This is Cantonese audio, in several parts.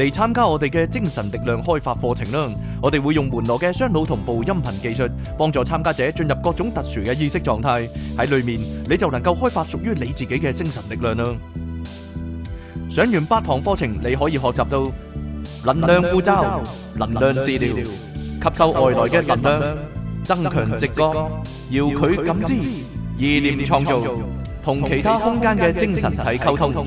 嚟參加我哋嘅精神力量開發課程啦！我哋會用門羅嘅雙腦同步音頻技術，幫助參加者進入各種特殊嘅意識狀態。喺裡面你就能夠開發屬於你自己嘅精神力量啦！上完八堂課程，你可以學習到能量護罩、能量治療、吸收外來嘅能量、增強直覺、遙距感知、意念創造、同其他空間嘅精神體溝通。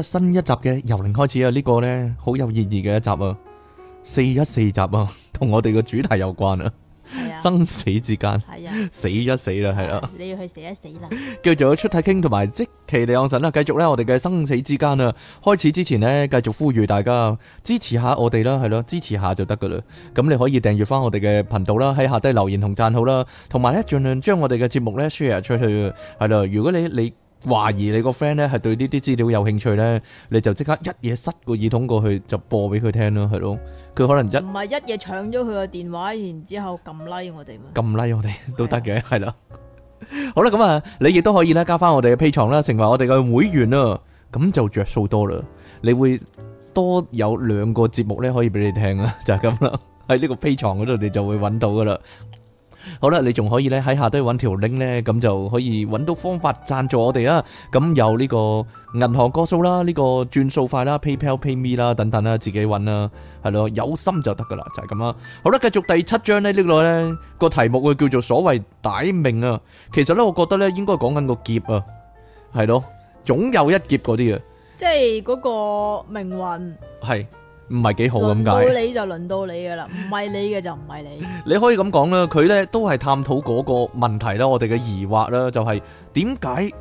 新一集嘅由零開始啊，呢、這個呢，好有意義嘅一集啊，四一四集啊，同我哋嘅主題有關啊，啊，生死之間，係啊，死一死啦，係啦、啊，啊、你要去死一死啦，叫做出體傾同埋即其地降神啦。繼續咧，我哋嘅生死之間啊，開始之前呢，繼續呼籲大家支持下我哋啦，係咯、啊，支持下就得噶啦。咁你可以訂閱翻我哋嘅頻道啦，喺下低留言同讚好啦，同埋呢，盡量將我哋嘅節目呢 share 出去，係咯、啊。如果你你懷疑你個 friend 咧係對呢啲資料有興趣咧，你就即刻一嘢塞個耳筒過去就播俾佢聽咯，係咯。佢可能一唔係一嘢搶咗佢個電話，然之後撳 like 我哋嘛？撳 like 我哋都得嘅，係咯。好啦，咁啊，你亦都可以啦，加翻我哋嘅 Patreon 啦，成為我哋嘅會員啊，咁就着數多啦。你會多有兩個節目咧可以俾你聽啦，就係咁啦。喺呢個 Patreon 嗰度，你就會揾到噶啦。好啦，你仲可以咧喺下低揾條 link 咧，咁就可以揾到方法贊助我哋啊！咁有呢個銀行個數啦，呢個轉數快啦，PayPal PayMe 啦，等等啦，自己揾啦，係咯，有心就得噶啦，就係咁啦。好啦，繼續第七章咧，呢個咧個題目會叫做所謂歹命啊，其實咧，我覺得咧應該講緊個劫啊，係咯，總有一劫嗰啲啊，即係嗰個命運係。唔係幾好咁解，輪到你就輪到你嘅啦，唔係你嘅就唔係你。你可以咁講啦，佢呢都係探討嗰個問題啦，我哋嘅疑惑啦，就係點解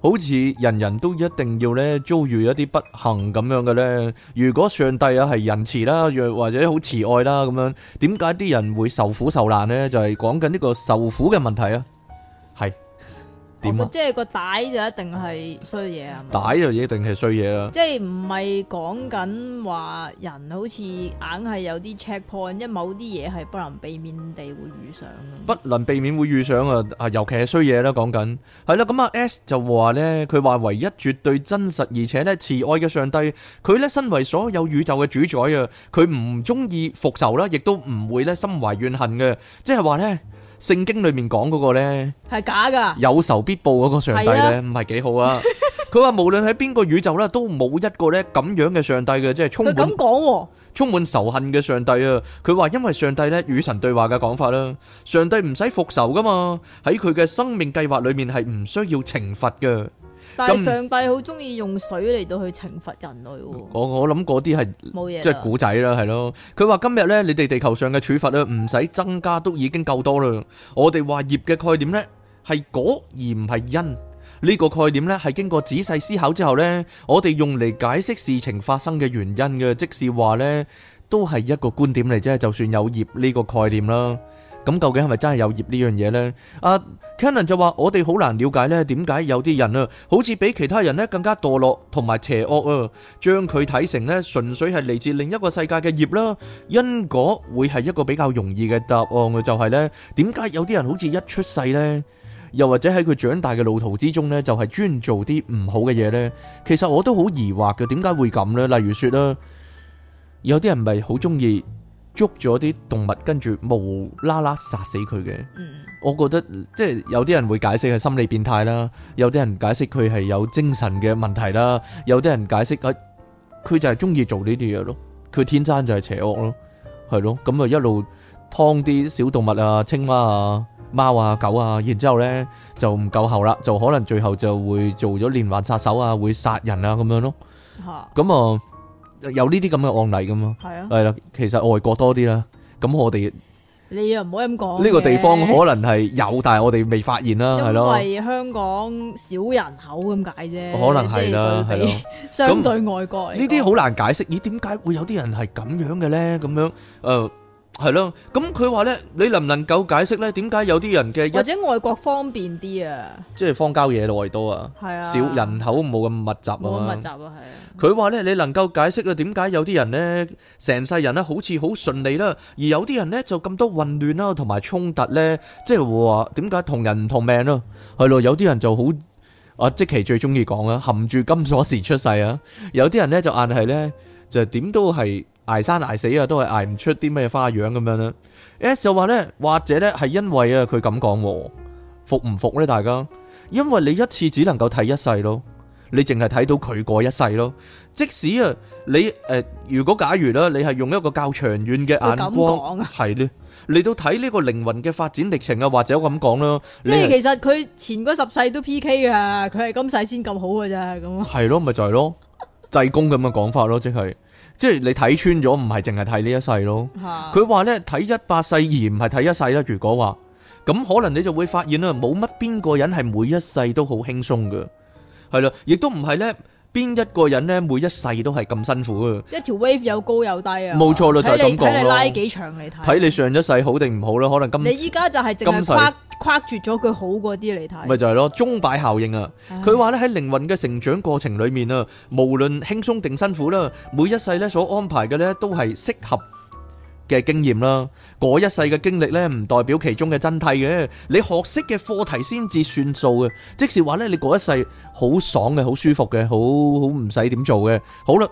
好似人人都一定要呢遭遇一啲不幸咁樣嘅呢？如果上帝啊係仁慈啦，又或者好慈愛啦咁樣，點解啲人會受苦受難呢？就係講緊呢個受苦嘅問題啊，係。即係個帶就一定係衰嘢啊！帶就一定係衰嘢啦。即係唔係講緊話人好似硬係有啲 checkpoint，因為某啲嘢係不能避免地會遇上咯。不能避免會遇上啊！啊，尤其係衰嘢啦。講緊係啦。咁啊，S 就話咧，佢話唯一絕對真實而且咧慈愛嘅上帝，佢咧身為所有宇宙嘅主宰啊，佢唔中意復仇啦，亦都唔會咧心懷怨恨嘅。即係話咧。聖經裏面講嗰個呢係假噶，有仇必報嗰個上帝呢，唔係幾好啊！佢話 無論喺邊個宇宙呢，都冇一個呢咁樣嘅上帝嘅，即係充滿、哦、仇恨嘅上帝啊！佢話因為上帝呢，與神對話嘅講法啦，上帝唔使復仇噶嘛，喺佢嘅生命計劃裏面係唔需要懲罰嘅。但上帝好中意用水嚟到去懲罰人類。我我諗嗰啲係冇嘢，即係古仔啦，係咯。佢話今日咧，你哋地球上嘅處罰咧，唔使增加都已經夠多啦。我哋話業嘅概念咧，係果而唔係因。呢個概念咧，係經過仔細思考之後咧，我哋用嚟解釋事情發生嘅原因嘅，即是話咧，都係一個觀點嚟啫。就算有業呢個概念啦。咁究竟係咪真係有業呢樣嘢呢？啊、uh, Cannon 就話我哋好難了解呢，點解有啲人啊，好似比其他人呢更加墮落同埋邪惡啊，將佢睇成呢純粹係嚟自另一個世界嘅業啦。因果會係一個比較容易嘅答案嘅，就係、是、呢點解有啲人好似一出世呢，又或者喺佢長大嘅路途之中呢，就係、是、專做啲唔好嘅嘢呢？其實我都好疑惑嘅，點解會咁呢？例如說啦，有啲人咪好中意。捉咗啲動物，跟住無啦啦殺死佢嘅，嗯、我覺得即係有啲人會解釋係心理變態啦，有啲人解釋佢係有精神嘅問題啦，有啲人解釋佢佢就係中意做呢啲嘢咯，佢天生就係邪惡咯，係咯，咁啊一路劏啲小動物啊，青蛙啊，貓啊，狗啊，然之後呢就唔夠喉啦，就可能最後就會做咗連環殺手啊，會殺人啊咁樣咯，咁啊、嗯。嗯有呢啲咁嘅案例㗎嘛，係啊，係啦，其實外國多啲啦，咁我哋你又唔好咁講，呢個地方可能係有，但係我哋未發現啦，係咯，因為香港少人口咁解啫，可能係啦，係咯，相對外國呢啲好難解釋，咦，點解會有啲人係咁樣嘅咧？咁樣，誒。係咯，咁佢話咧，你能唔能夠解釋咧？點解有啲人嘅，或者外國方便啲啊？即係荒郊野外多啊，係啊，少人口冇咁密集啊，冇咁密集啊，係啊。佢話咧，你能夠解釋啊？點解有啲人咧，成世人咧，好似好順利啦，而有啲人咧就咁多混亂啦，同埋衝突咧，即係話點解同人唔同命咯？係咯，有啲人就好，阿即奇最中意講啊，含住金鎖匙出世啊，有啲人咧就硬係咧，就點都係。捱生捱死啊，都係捱唔出啲咩花樣咁樣咧。S 就話咧，或者咧係因為啊，佢咁講，服唔服咧？大家，因為你一次只能夠睇一世咯，你淨係睇到佢過一世咯。即使啊，你誒，如果假如啦，你係用一個較長遠嘅眼光，係咧嚟到睇呢個靈魂嘅發展歷程啊，或者我咁講咯。即係其實佢前嗰十世都 PK 噶，佢係今世先咁好噶咋咁。係咯，咪就係咯，濟公咁嘅講法咯，即係。即係你睇穿咗，唔係淨係睇呢一世咯。佢話咧睇一百世而唔係睇一世啦。如果話咁，可能你就會發現啦，冇乜邊個人係每一世都好輕鬆㗎，係啦，亦都唔係咧。邊一個人咧，每一世都係咁辛苦啊！一條 wave 有高有低啊！冇錯啦，你就係咁講啦。睇你拉幾長嚟睇？睇你上一世好定唔好啦？可能今你依家就係淨係框框住咗佢好嗰啲嚟睇。咪就係咯，鐘擺效應啊！佢話咧喺靈魂嘅成長過程裏面啊，唉無論輕鬆定辛苦啦，每一世咧所安排嘅咧都係適合嘅經驗啦，嗰一世嘅經歷呢，唔代表其中嘅真諦嘅，你學識嘅課題先至算數嘅。即是話呢，你嗰一世好爽嘅，好舒服嘅，好好唔使點做嘅，好啦。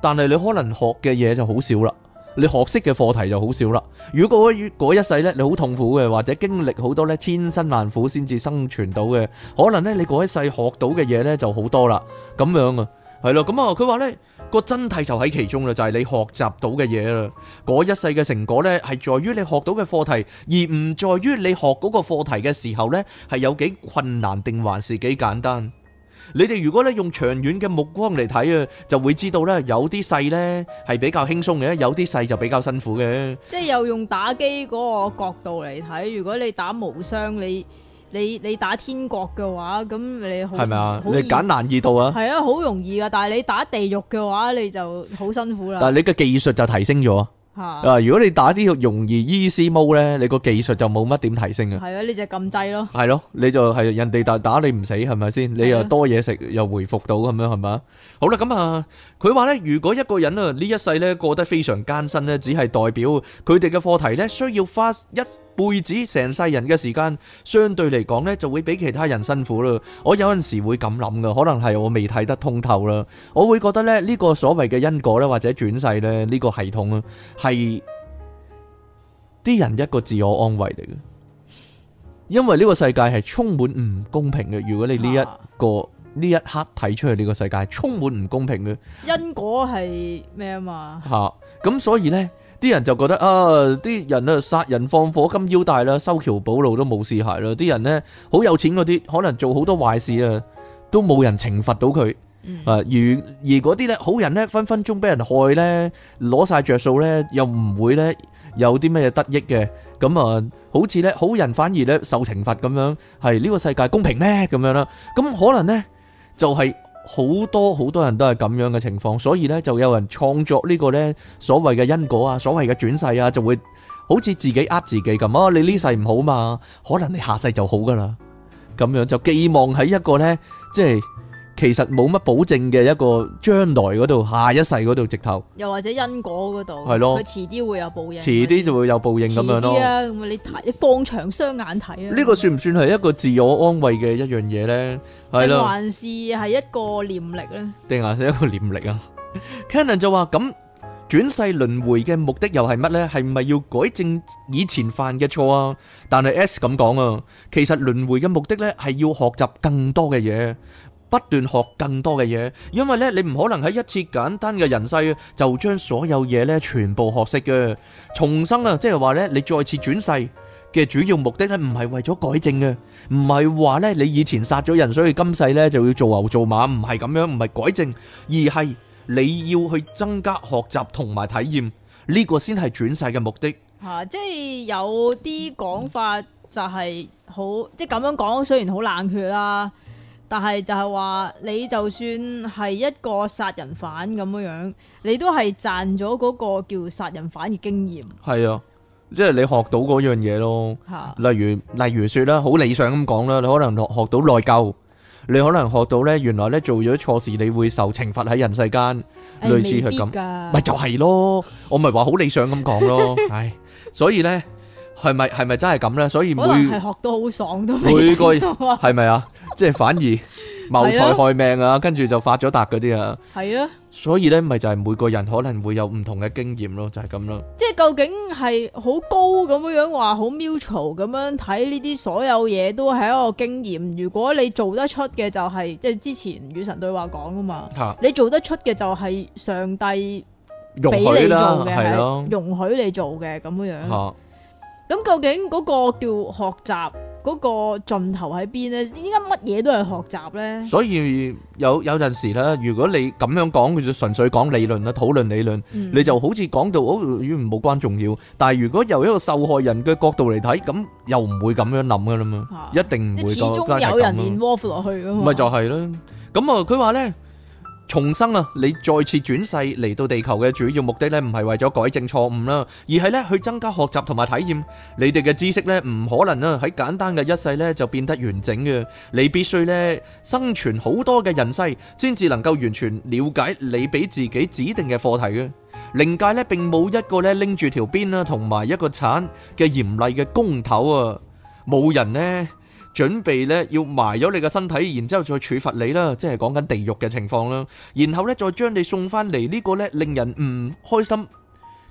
但係你可能學嘅嘢就好少啦，你學識嘅課題就好少啦。如果嗰一世呢，你好痛苦嘅，或者經歷好多呢千辛萬苦先至生存到嘅，可能呢，你嗰一世學到嘅嘢呢就好多啦。咁樣啊。係咯，咁啊，佢話呢個真諦就喺其中啦，就係你學習到嘅嘢啦，嗰一世嘅成果呢係在於你學到嘅課題，而唔在於你學嗰個課題嘅時候呢係有幾困難定還是幾簡單。你哋如果咧用長遠嘅目光嚟睇啊，就會知道呢有啲細呢係比較輕鬆嘅，有啲細就比較辛苦嘅。即係又用打機嗰個角度嚟睇，如果你打無雙你。你你打天國嘅話，咁你好係咪啊？你揀難易度啊？係啊，好容易噶，但係你打地獄嘅話，你就好辛苦啦。但係你嘅技術就提升咗啊！啊，如果你打啲容易 easy mode 咧，你個技術就冇乜點提升啊。係啊，你就禁制咯。係咯，你就係人哋打打你唔死，係咪先？你又多嘢食，又回復到咁樣，係咪啊？好啦，咁啊，佢話咧，如果一個人啊呢一世咧過得非常艱辛咧，只係代表佢哋嘅課題咧需要花一。輩子成世人嘅時間，相對嚟講呢，就會比其他人辛苦咯。我有陣時會咁諗噶，可能係我未睇得通透啦。我會覺得咧，呢個所謂嘅因果咧，或者轉世咧，呢個系統啊，係啲人一個自我安慰嚟嘅。因為呢個世界係充滿唔公平嘅。如果你呢一個呢、啊、一刻睇出嚟，呢個世界充滿唔公平嘅因果係咩啊嘛？吓，咁，所以呢。啲人就覺得啊，啲人啊殺人放火金腰帶啦，修橋補路都冇屍骸啦。啲人咧好有錢嗰啲，可能做好多壞事啊，都冇人懲罰到佢啊。而而嗰啲咧好人咧分分鐘俾人害咧，攞曬著數咧，又唔會咧有啲咩得益嘅。咁啊，好似咧好人反而咧受懲罰咁樣，係呢個世界公平咩咁樣啦？咁可能咧就係。好多好多人都係咁樣嘅情況，所以呢，就有人創作呢個呢所謂嘅因果啊，所謂嘅轉世啊，就會好似自己呃自己咁啊！你呢世唔好嘛，可能你下世就好㗎喇，咁樣就寄望喺一個呢，即係。其實冇乜保證嘅一個將來嗰度，下一世嗰度直頭，又或者因果嗰度，係咯，佢遲啲會有報應，遲啲就會有報應咁樣咯。啊，咁你睇，你放長雙眼睇啊！呢個算唔算係一個自我安慰嘅一樣嘢咧？定還是係一個念力咧？定還是一個念力啊？Canon 就話：咁轉世輪迴嘅目的又係乜咧？係咪要改正以前犯嘅錯啊？但係 S 咁講啊，其實輪迴嘅目的咧係要學習更多嘅嘢。不斷學更多嘅嘢，因為咧你唔可能喺一次簡單嘅人世就將所有嘢咧全部學識嘅。重生啊，即係話咧你再次轉世嘅主要目的咧唔係為咗改正嘅，唔係話咧你以前殺咗人所以今世咧就要做牛做馬，唔係咁樣，唔係改正，而係你要去增加學習同埋體驗。呢個先係轉世嘅目的。吓，即係有啲講法就係好，即係咁樣講雖然好冷血啦。但係就係話你就算係一個殺人犯咁樣樣，你都係賺咗嗰個叫殺人犯嘅經驗。係啊，即係你學到嗰樣嘢咯。吓，例如例如說啦，好理想咁講啦，你可能學學到內疚，你可能學到呢，原來呢做咗錯事你會受懲罰喺人世間，類似係咁。咪就係咯，我咪話好理想咁講咯，唉，所以呢。係咪係咪真係咁咧？所以每可能係學到好爽都。每個人係咪啊？ 即係反而謀財害命啊！ 跟住就發咗達嗰啲啊。係啊。所以咧，咪就係每個人可能會有唔同嘅經驗咯，就係咁咯。即係究竟係好高咁樣樣，話好 mutual 咁樣睇呢啲所有嘢都係一個經驗。如果你做得出嘅就係、是、即係之前與神對話講噶嘛。啊、你做得出嘅就係上帝俾你做容許啦，係容許你做嘅咁樣樣。啊。咁究竟嗰個叫學習嗰個盡頭喺邊咧？依家乜嘢都係學習咧。所以有有陣時咧，如果你咁樣講，佢就純粹講理論啦，討論理論，你就好似講到好與冇關重要。但係如果由一個受害人嘅角度嚟睇，咁又唔會咁樣諗噶啦嘛，一定唔會。始終有人連窩伏落去咯。咪就係咯，咁啊，佢話咧。重生啊！你再次轉世嚟到地球嘅主要目的咧，唔係為咗改正錯誤啦，而係咧去增加學習同埋體驗。你哋嘅知識咧，唔可能啊喺簡單嘅一世咧就變得完整嘅。你必須咧生存好多嘅人世，先至能夠完全了解你俾自己指定嘅課題嘅。靈界咧，並冇一個咧拎住條鞭啦，同埋一個鏟嘅嚴厲嘅工頭啊，冇人咧。準備咧要埋咗你嘅身體，然之後再處罰你啦，即係講緊地獄嘅情況啦。然後咧再將你送翻嚟呢個咧令人唔開心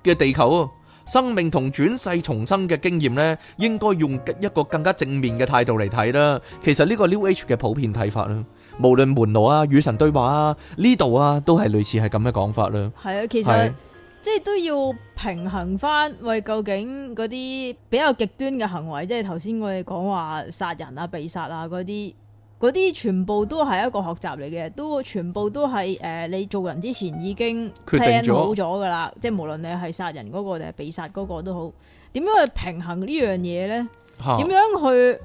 嘅地球，生命同轉世重生嘅經驗咧，應該用一個更加正面嘅態度嚟睇啦。其實呢個 New Age 嘅普遍睇法啦，無論門路啊、與神對話啊呢度啊，都係類似係咁嘅講法啦。係啊，其實。即係都要平衡翻，喂，究竟嗰啲比較極端嘅行為，即係頭先我哋講話殺人啊、被殺啊嗰啲，嗰啲全部都係一個學習嚟嘅，都全部都係誒、呃，你做人之前已經 plan 好咗噶啦，即係無論你係殺人嗰個定係被殺嗰個都好，點樣去平衡呢樣嘢呢？啊、點樣去？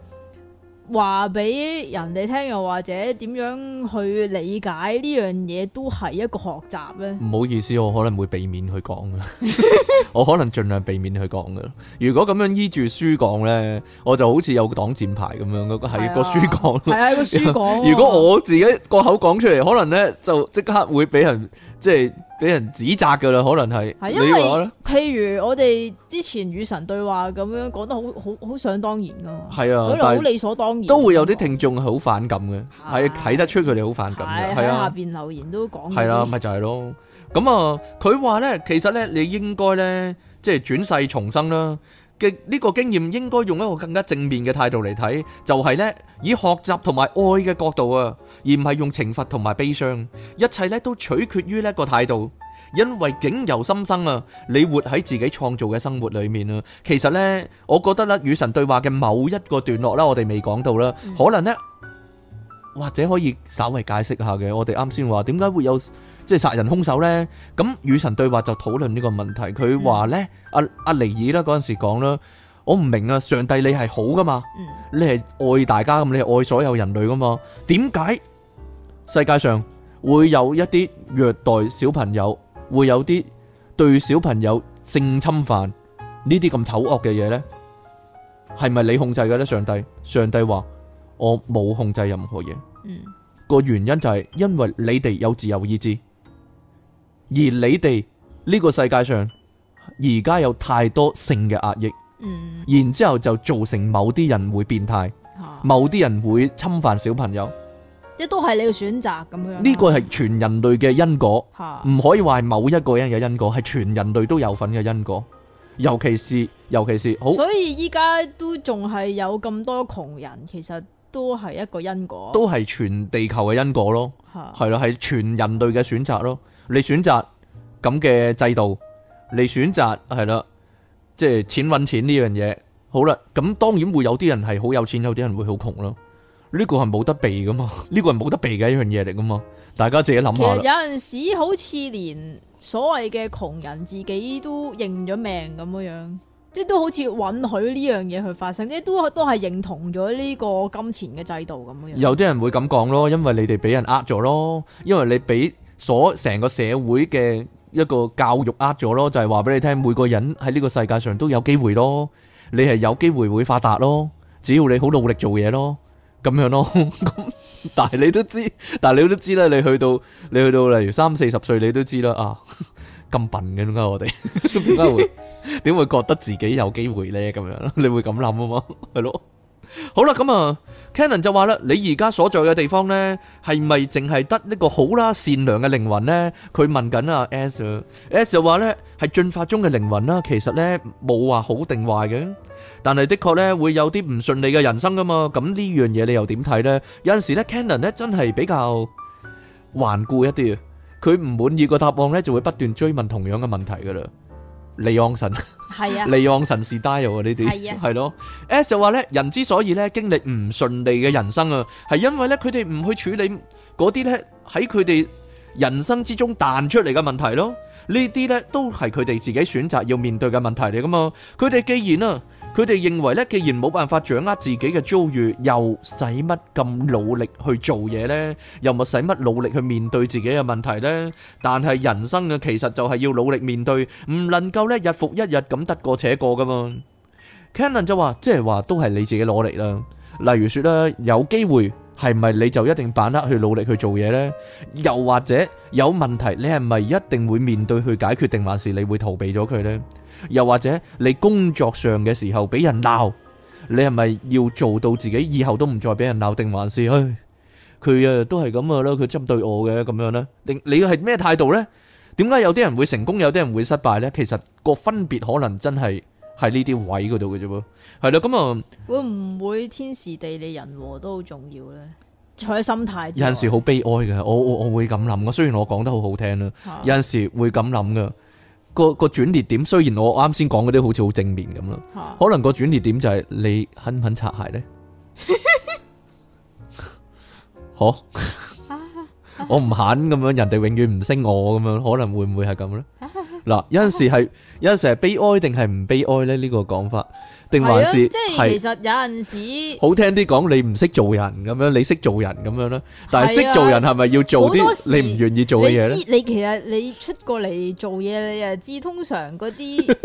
話俾人哋聽，又或者點樣去理解呢樣嘢，都係一個學習咧。唔好意思，我可能會避免去講嘅， 我可能盡量避免去講嘅。如果咁樣依住書講咧，我就好似有擋箭牌咁樣咯，係啊，個書講。係啊，個書講。 如果我自己個口講出嚟，可能咧就即刻會俾人。即係俾人指責噶啦，可能係你話咧。譬如我哋之前與神對話咁樣講得好好好想當然噶嘛，係啊，可能好理所當然，都會有啲聽眾係好反感嘅，係睇、啊、得出佢哋好反感嘅，係啊。啊下邊留言都講，係啦、啊，咪就係、是、咯。咁、嗯、啊，佢話咧，其實咧，你應該咧，即係轉世重生啦。嘅呢個經驗應該用一個更加正面嘅態度嚟睇，就係咧，以學習同埋愛嘅角度啊，而唔係用懲罰同埋悲傷。一切呢都取決於呢個態度，因為境由心生啊。你活喺自己創造嘅生活裏面啊，其實呢，我覺得咧，與神對話嘅某一個段落啦，我哋未講到啦，可能呢。或者可以稍微解釋下嘅，我哋啱先話點解會有即係殺人凶手咧？咁與神對話就討論呢個問題。佢話咧，阿阿尼爾啦嗰陣時講啦，我唔明啊，上帝你係好噶嘛？你係愛大家咁，你係愛所有人類噶嘛？點解世界上會有一啲虐待小朋友，會有啲對小朋友性侵犯呢啲咁醜惡嘅嘢咧？係咪你控制嘅咧？上帝，上帝話。我冇控制任何嘢，個、嗯、原因就係因為你哋有自由意志，而你哋呢個世界上而家有太多性嘅壓抑，嗯、然之後就造成某啲人會變態，啊、某啲人會侵犯小朋友，即係都係你嘅選擇咁樣。呢個係全人類嘅因果，唔、啊、可以話某一個人嘅因果，係全人類都有份嘅因果，尤其是、嗯、尤其是，尤其是好。所以依家都仲係有咁多窮人，其實。都係一個因果，都係全地球嘅因果咯，係啦的，係全人類嘅選擇咯。你選擇咁嘅制度，你選擇係啦，即係錢揾錢呢樣嘢，好啦，咁當然會有啲人係好有錢，有啲人會好窮咯。呢個係冇得避噶嘛，呢個係冇得避嘅一樣嘢嚟噶嘛，大家自己諗下啦。其實有陣時好似連所謂嘅窮人自己都認咗命咁樣樣。即都好似允許呢樣嘢去發生，即都都係認同咗呢個金錢嘅制度咁樣。有啲人會咁講咯，因為你哋俾人呃咗咯，因為你俾所成個社會嘅一個教育呃咗咯，就係話俾你聽，每個人喺呢個世界上都有機會咯，你係有機會會發達咯，只要你好努力做嘢咯，咁樣咯。咁 但係你都知，但係你都知啦，你去到你去到例如三四十歲，你都知啦啊。咁笨嘅，點解我哋點解會點會覺得自己有機會咧咁樣？你會咁諗啊嘛？係咯。好啦，咁啊，Canon 就話啦，你而家所在嘅地方咧，係咪淨係得一個好啦、善良嘅靈魂咧？佢問緊啊，As，As 就話咧係進化中嘅靈魂啦。其實咧冇話好定壞嘅，但係的確咧會有啲唔順利嘅人生噶嘛。咁呢樣嘢你又點睇咧？有陣時咧，Canon 咧真係比較頑固一啲。佢唔滿意個答案咧，就會不斷追問同樣嘅問題噶啦。利昂神係啊， 利昂神 style 啊你哋係啊，係咯。S 就話咧，人之所以咧經歷唔順利嘅人生啊，係因為咧佢哋唔去處理嗰啲咧喺佢哋人生之中彈出嚟嘅問題咯。呢啲咧都係佢哋自己選擇要面對嘅問題嚟噶嘛。佢哋既然啊。佢哋認為咧，既然冇辦法掌握自己嘅遭遇，又使乜咁努力去做嘢咧？又冇使乜努力去面對自己嘅問題咧？但係人生嘅，其實就係要努力面對，唔能夠咧日復一日咁得過且過㗎嘛。Canon 就話，即係話都係你自己攞嚟啦。例如説啦，有機會係咪你就一定把握去努力去做嘢咧？又或者有問題，你係咪一定會面對去解決，定還是你會逃避咗佢咧？又或者你工作上嘅時候俾人鬧，你係咪要做到自己以後都唔再俾人鬧？定還是佢啊都係咁啊？咯佢針對我嘅咁樣咧？你你係咩態度咧？點解有啲人會成功，有啲人會失敗咧？其實個分別可能真係係呢啲位嗰度嘅啫噃，係咯咁啊？會唔會天時地利人和都好重要咧？在心態有陣時好悲哀嘅，我我我會咁諗。嘅雖然我講得好好聽啦，有陣時會咁諗噶。個個轉捩點，雖然我啱先講嗰啲好似好正面咁咯，啊、可能個轉捩點就係、是、你肯唔肯擦鞋咧？嗬， 我唔肯咁樣，人哋永遠唔升我咁樣，可能會唔會係咁咧？嗱，有陣時係，有陣時係悲哀定係唔悲哀咧？呢個講法，定還是即係其實有陣時好聽啲講，你唔識做人咁樣，你識做人咁樣啦。但係識做人係咪要做啲你唔願意做嘅嘢咧？你其實你出過嚟做嘢，你又知通常嗰啲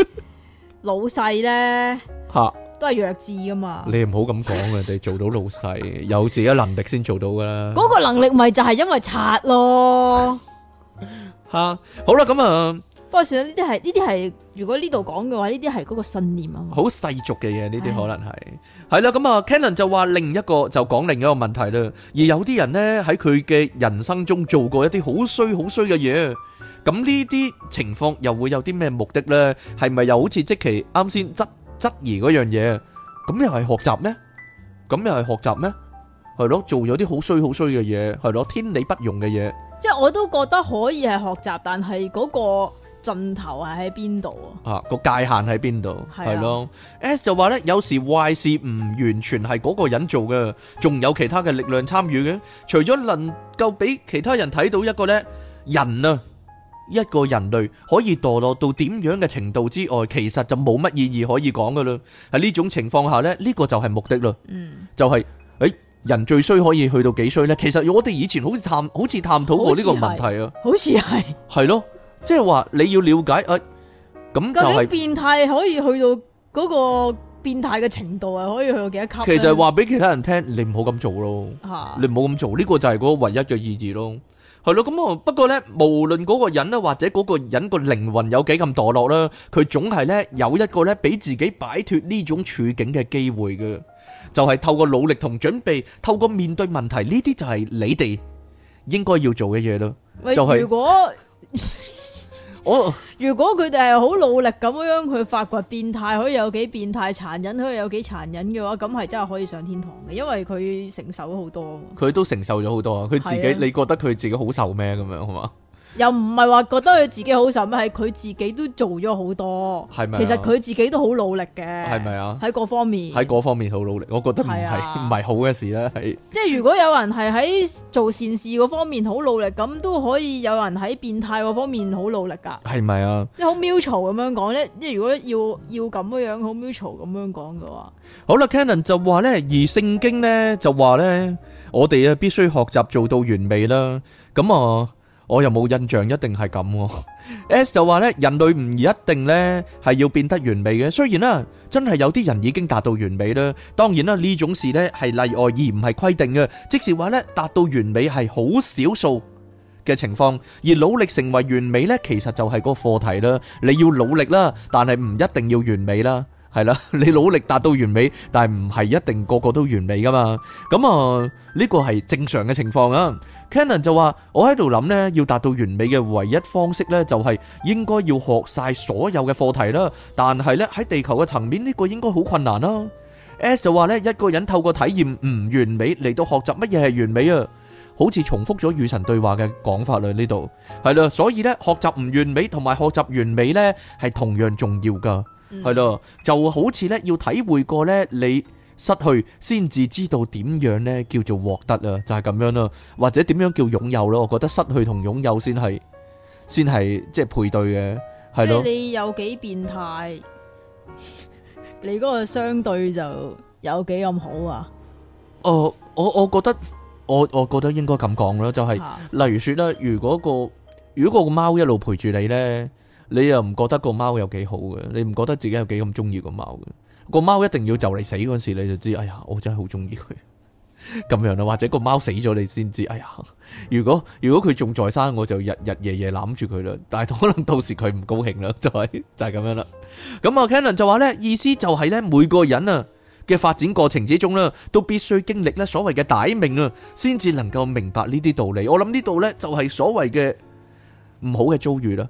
老細咧吓都係弱智噶嘛？你唔好咁講啊！你做到老細，有自己能力先做到噶啦。嗰個能力咪就係因為拆咯吓。好啦，咁啊。咁啊，算啦，呢啲係呢啲係，如果呢度講嘅話，呢啲係嗰個信念啊，好世俗嘅嘢，呢啲可能係係啦。咁啊，Cannon 就話另一個就講另一個問題啦。而有啲人呢，喺佢嘅人生中做過一啲好衰好衰嘅嘢，咁呢啲情況又會有啲咩目的呢？係咪又好似即期啱先質質疑嗰樣嘢？咁又係學習咩？咁又係學習咩？係咯，做咗啲好衰好衰嘅嘢，係咯，天理不容嘅嘢。即係我都覺得可以係學習，但係嗰個。盡頭係喺邊度啊？啊，個界限喺邊度？係咯，S 就話呢，有時壞事唔完全係嗰個人做嘅，仲有其他嘅力量參與嘅。除咗能夠俾其他人睇到一個呢人啊，一個人類可以墮落到點樣嘅程度之外，其實就冇乜意義可以講㗎啦。喺呢種情況下呢，呢個就係目的啦。嗯，就係誒，人最衰可以去到幾衰呢？其實我哋以前好似探，好似探討過呢個問題啊，好似係係咯。即係話你要了解誒，咁究竟變態可以去到嗰個變態嘅程度啊，可以去到幾多級咧？其實係話俾其他人聽，你唔好咁做咯，你唔好咁做，呢個就係嗰個唯一嘅意義咯。係咯，咁啊不過呢，無論嗰個人咧或者嗰個人個靈魂有幾咁墮落啦，佢總係呢有一個呢俾自己擺脫呢種處境嘅機會嘅，就係透過努力同準備，透過面對問題，呢啲就係你哋應該要做嘅嘢咯。就係如果。我、oh。如果佢哋係好努力咁樣去發掘變態，可以有幾變態殘忍，可以有幾殘忍嘅話，咁係真係可以上天堂嘅，因為佢承受咗好多。佢都承受咗好多啊！佢自己，的你覺得佢自己好受咩？咁樣好嘛？又唔係話覺得佢自己好神，係佢自己都做咗好多，係咪啊？其實佢自己都好努力嘅，係咪啊？喺各方面，喺各方面好努力，我覺得唔係唔係好嘅事啦，係。即係如果有人係喺做善事嗰方面好努力，咁都可以有人喺變態嗰方面好努力㗎，係咪啊？即好 mutual 咁樣講咧，即係如果要要咁樣好 mutual 咁樣講嘅話，好啦，Canon 就話咧，而聖經咧就話咧，我哋啊必須學習做到完美啦，咁啊。我又冇印象，一定係咁。S 就話咧，人類唔一定咧係要變得完美嘅。雖然啦，真係有啲人已經達到完美啦。當然啦，呢種事咧係例外而唔係規定嘅。即是話咧，達到完美係好少數嘅情況，而努力成為完美咧，其實就係個課題啦。你要努力啦，但係唔一定要完美啦。係啦，你努力達到完美，但係唔係一定個個都完美噶嘛？咁啊，呢個係正常嘅情況啊。Canon 就話：我喺度諗呢，要達到完美嘅唯一方式呢，就係應該要學晒所有嘅課題啦。但係呢，喺地球嘅層面，呢個應該好困難啦。S 就話呢，一個人透過體驗唔完美嚟到學習乜嘢係完美啊，好似重複咗與神對話嘅講法啦。呢度係啦，所以呢，學習唔完美同埋學習完美呢，係同樣重要噶。係咯，就好似咧，要體會過咧，你失去先至知道點樣咧叫做獲得啊，就係咁樣咯，或者點樣叫擁有咯？我覺得失去同擁有先係，先係即係配對嘅，係咯。你有幾變態，你嗰個相對就有幾咁好啊？哦、呃，我我覺得我我覺得應該咁講咯，就係例如說咧，如果個如果個貓一路陪住你咧。你又唔覺得個貓有幾好嘅？你唔覺得自己有幾咁中意個貓嘅？個貓一定要就嚟死嗰時，你就知哎呀，我真係好中意佢咁樣啦。或者個貓死咗，你先知哎呀。如果如果佢仲在生，我就日日夜夜攬住佢啦。但係可能到時佢唔高興啦，就係、是、就係、是、咁樣啦。咁、嗯、啊，Kenon 就話呢，意思就係呢，每個人啊嘅發展過程之中呢，都必須經歷呢所謂嘅歹命啊，先至能夠明白呢啲道理。我諗呢度呢，就係所謂嘅唔好嘅遭遇啦。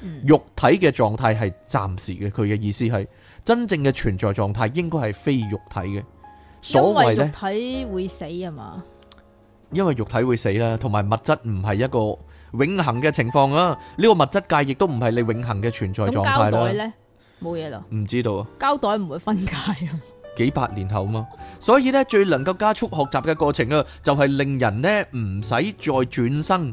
嗯、肉體嘅狀態係暫時嘅，佢嘅意思係真正嘅存在狀態應該係非肉體嘅。所謂因為肉體會死啊嘛。因為肉體會死啦，同埋物質唔係一個永恆嘅情況啊。呢、呢個物質界亦都唔係你永恆嘅存在狀態啦。膠袋冇嘢啦。唔知道啊。膠袋唔會分解啊。幾百年後嘛，所以呢，最能夠加速學習嘅過程啊，就係令人呢唔使再轉生。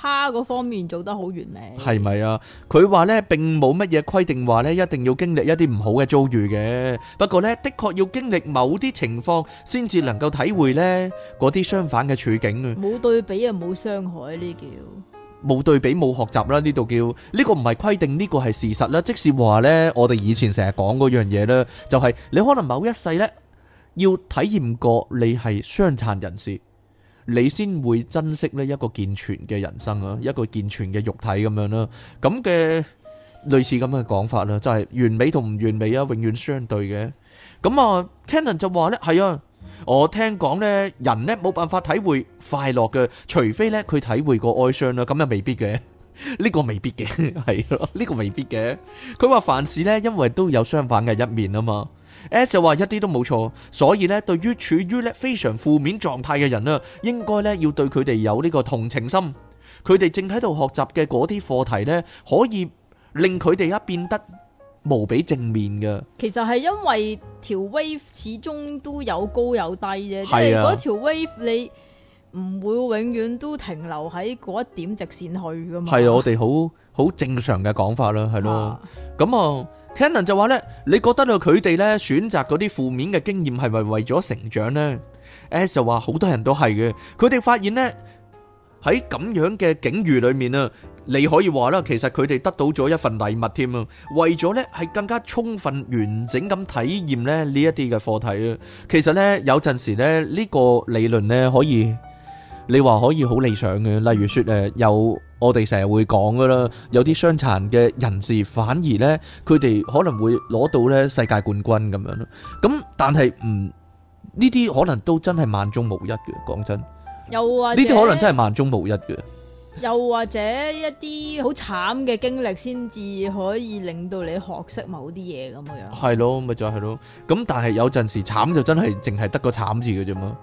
他嗰方面做得好完美，係咪啊？佢話呢，並冇乜嘢規定話呢，一定要經歷一啲唔好嘅遭遇嘅。不過呢，的確要經歷某啲情況，先至能夠體會呢嗰啲相反嘅處境。冇對比就冇傷害，呢叫冇對比冇學習啦。呢度叫呢個唔係規定，呢個係事實啦。即使話呢，我哋以前成日講嗰樣嘢啦，就係你可能某一世呢，要體驗過你係傷殘人士。你先會珍惜呢一個健全嘅人生啊，一個健全嘅肉體咁樣啦，咁嘅類似咁嘅講法啦，就係完美同唔完美啊，永遠相對嘅。咁啊，Canon 就話呢，係啊，我聽講呢，人呢冇辦法體會快樂嘅，除非呢佢體會過哀傷啦，咁又未必嘅，呢個未必嘅，係咯，呢個未必嘅。佢話凡事呢，因為都有相反嘅一面啊嘛。S, S 就話一啲都冇錯，所以咧對於處於咧非常負面狀態嘅人咧，應該咧要對佢哋有呢個同情心。佢哋正喺度學習嘅嗰啲課題咧，可以令佢哋一變得無比正面嘅。其實係因為條 wave 始終都有高有低啫，即係嗰條 wave 你唔會永遠都停留喺嗰一點直線去噶嘛。係啊，我哋好好正常嘅講法啦，係咯，咁啊。啊 Kenan 就話咧，你覺得咧佢哋咧選擇嗰啲負面嘅經驗係咪為咗成長咧？S 就話好多人都係嘅，佢哋發現咧喺咁樣嘅境遇裏面啊，你可以話啦，其實佢哋得到咗一份禮物添啊，為咗咧係更加充分完整咁體驗咧呢一啲嘅課題啊。其實咧有陣時咧呢個理論咧可以，你話可以好理想嘅，例如說誒有。我哋成日會講噶啦，有啲傷殘嘅人士反而呢，佢哋可能會攞到咧世界冠軍咁樣咯。咁但係唔呢啲可能都真係萬中無一嘅，講真。又或呢啲可能真係萬中無一嘅。又或者一啲好慘嘅經歷，先至可以令到你學識某啲嘢咁嘅樣。係咯，咪就係咯。咁但係有陣時慘就真係淨係得個慘字嘅啫嘛。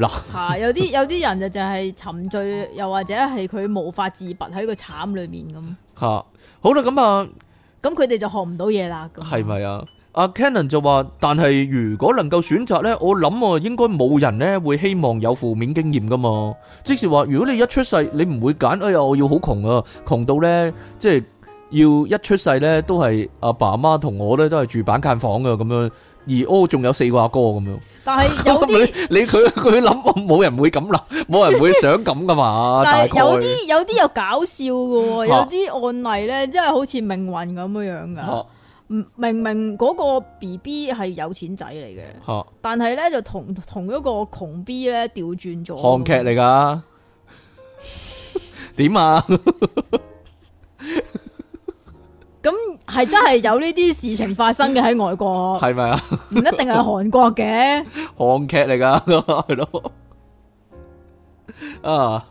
嗱、 啊，有啲有啲人就就係沉醉，又或者係佢無法自拔喺個慘裏面咁。嚇、啊，好啦，咁啊，咁佢哋就學唔到嘢啦。係咪啊？阿 Kenan 就話，但係如果能夠選擇呢，我諗我應該冇人呢會希望有負面經驗噶嘛。即是話如果你一出世你唔會揀，哎呀我要好窮啊，窮到呢，即係要一出世呢，都係阿爸媽同我呢，都係住板間房嘅咁樣。而 O 仲有四個阿哥咁 樣，但係有啲你佢佢諗，冇人會咁諗，冇人會想咁噶嘛？ 但係有啲概有啲又搞笑噶，有啲案例咧，即係好似命運咁樣樣噶。明明嗰個 B B 係有錢仔嚟嘅，啊、但係咧就同同一個窮 B 咧調轉咗。韓劇嚟噶？點 樣啊？ 咁係真係有呢啲事情發生嘅喺外國，係咪啊？唔 一定係韓國嘅，韓劇嚟噶，係咯。啊，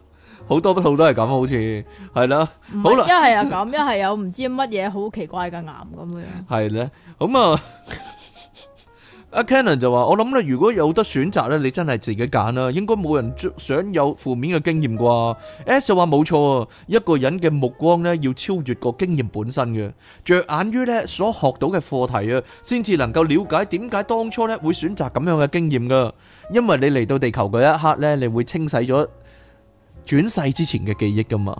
好多套都係咁，好似係啦，好一係啊咁，一係有唔知乜嘢好奇怪嘅癌咁樣，係咧，咁啊。阿 Kenon 就話：我諗咧，如果有得選擇咧，你真係自己揀啦，應該冇人想有負面嘅經驗啩。S 就話：冇錯啊，一個人嘅目光咧，要超越個經驗本身嘅，着眼於咧所學到嘅課題啊，先至能夠了解點解當初咧會選擇咁樣嘅經驗噶。因為你嚟到地球嗰一刻咧，你會清洗咗轉世之前嘅記憶噶嘛，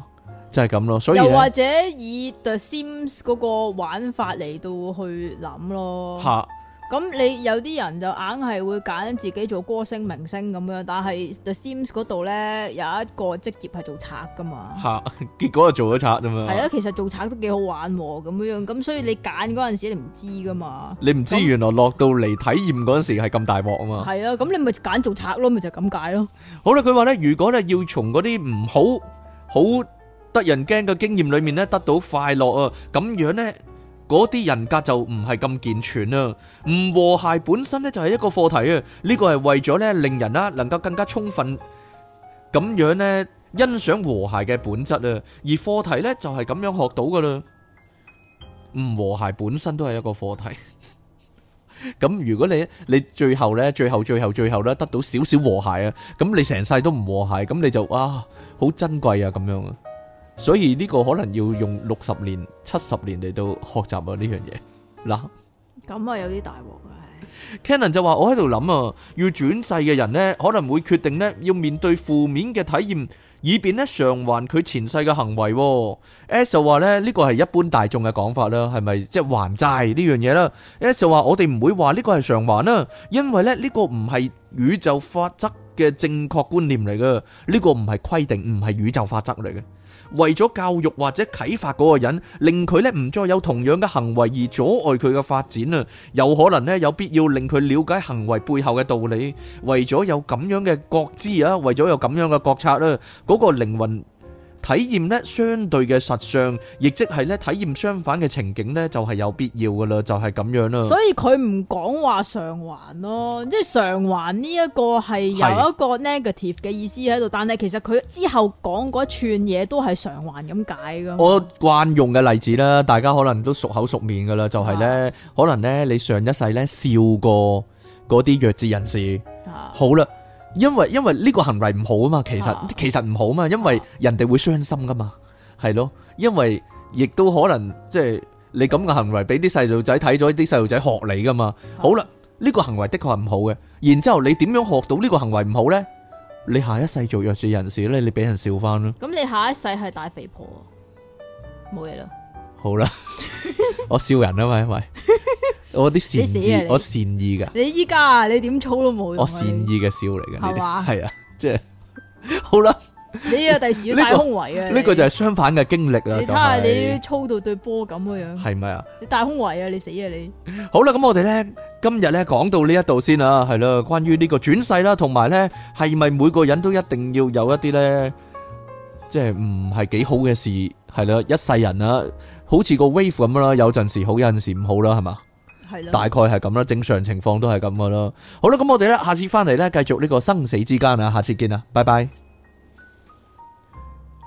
就係咁咯。所以又或者以 The Sims 嗰個玩法嚟到去諗咯。吓。咁你有啲人就硬係會揀自己做歌星明星咁樣，但係 The Sims 嗰度咧有一個職業係做賊噶嘛，賊結果就做咗賊啊嘛。係啊，其實做賊都幾好玩咁樣，咁所以你揀嗰陣時你唔知噶嘛。你唔知原來落到嚟體驗嗰陣時係咁大鑊啊嘛。係啊，咁你咪揀做賊咯，咪就咁解咯。好啦，佢話咧，如果咧要從嗰啲唔好、好得人驚嘅經驗裏面咧得到快樂啊，咁樣咧。嗰啲人格就唔係咁健全啦，唔和諧本身咧就係一個課題啊，呢個係為咗咧令人啦能夠更加充分咁樣咧欣賞和諧嘅本質啊，而課題咧就係咁樣學到噶啦，唔和諧本身都係一個課題。咁如果你你最後咧，最後最後最後咧得到少少和諧啊，咁你成世都唔和諧，咁你就哇好珍貴啊咁樣啊。所以呢個可能要用六十年、七十年嚟到學習啊呢 樣嘢嗱，咁啊有啲大鑊嘅。Canon 就話：我喺度諗啊，要轉世嘅人呢可能會決定呢要面對負面嘅體驗，以便呢償還佢前世嘅行為、啊。Ash 就話咧，呢個係一般大眾嘅講法啦、啊，係咪即係還債呢樣嘢啦？Ash 就話：我哋唔會話呢個係償還啦、啊，因為呢，呢個唔係宇宙法則嘅正確觀念嚟嘅，呢個唔係規定，唔係宇宙法則嚟嘅。為咗教育或者啟發嗰個人，令佢咧唔再有同樣嘅行為而阻礙佢嘅發展啊，有可能咧有必要令佢了解行為背後嘅道理，為咗有咁樣嘅覺知啊，為咗有咁樣嘅覺察啦，嗰個靈魂。體驗咧相對嘅實相，亦即係咧體驗相反嘅情景咧，就係有必要噶啦，就係、是、咁樣啦。所以佢唔講話償還咯，即係償還呢一個係有一個 negative 嘅意思喺度，是但係其實佢之後講嗰一串嘢都係償還咁解噶。我慣用嘅例子啦，大家可能都熟口熟面噶啦，就係、是、咧、啊、可能咧你上一世咧笑過嗰啲弱智人士，啊、好啦。因為因為呢個行為唔好啊嘛，其實其實唔好啊嘛，因為人哋會傷心噶嘛，係咯，因為亦都可能即係你咁嘅行為俾啲細路仔睇咗，啲細路仔學你噶嘛，好啦，呢個行為的確係唔好嘅，然之後你點樣學到呢個行為唔好呢？你下一世做弱智人士呢，你俾人笑翻咯！咁你下一世係大肥婆，冇嘢啦。好啦，我笑人啊嘛，因為我啲善意，我善意噶。你依家啊，你點操都冇用。我善意嘅笑嚟嘅，係啊，即係好啦。你啊，第時要大胸圍啊。呢個就係相反嘅經歷啦。你睇下，你操到對波咁嘅樣，係咪啊？你大胸圍啊，你死啊你！好啦，咁我哋咧今日咧講到呢一度先啊，係啦，關於呢個轉世啦，同埋咧係咪每個人都一定要有一啲咧，即係唔係幾好嘅事？係啦，一世人啊，好似個 wave 咁啦，有陣時好，有陣時唔好啦，係嘛？係啦的，大概係咁啦，正常情況都係咁噶啦。好啦，咁我哋咧，下次翻嚟咧，繼續呢個生死之間啊，下次見啊，拜拜。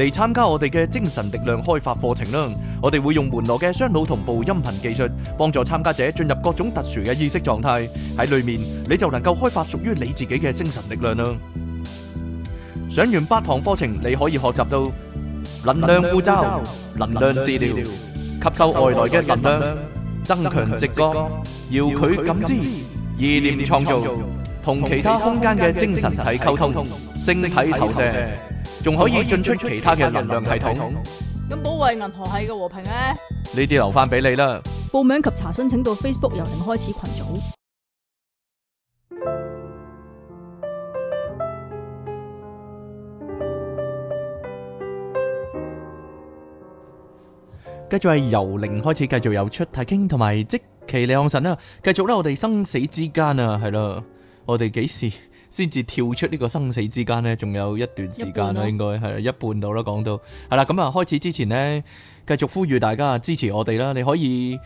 嚟參加我哋嘅精神力量開發課程啦！我哋會用門羅嘅雙腦同步音頻技術，幫助參加者進入各種特殊嘅意識狀態。喺裡面你就能夠開發屬於你自己嘅精神力量啦！上完八堂課程，你可以學習到能量護罩、能量治療、吸收外來嘅能量、增強直覺、遙距感知、意念創造、同其他空間嘅精神體溝通。晶體投射，仲可以進出其他嘅能量系統。咁、嗯、保衛銀河系嘅和平咧？呢啲留翻俾你啦。報名及查詢，請到 Facebook 由零開始群組。繼續係由零開始，繼續有出泰傾同埋即其李昂神啦。繼續咧，我哋生死之間啊，係咯，我哋幾時先至跳出呢個生死之間呢，仲有一段時間啦，應該係一半到啦。講到係啦，咁啊開始之前呢，繼續呼籲大家支持我哋啦。你可以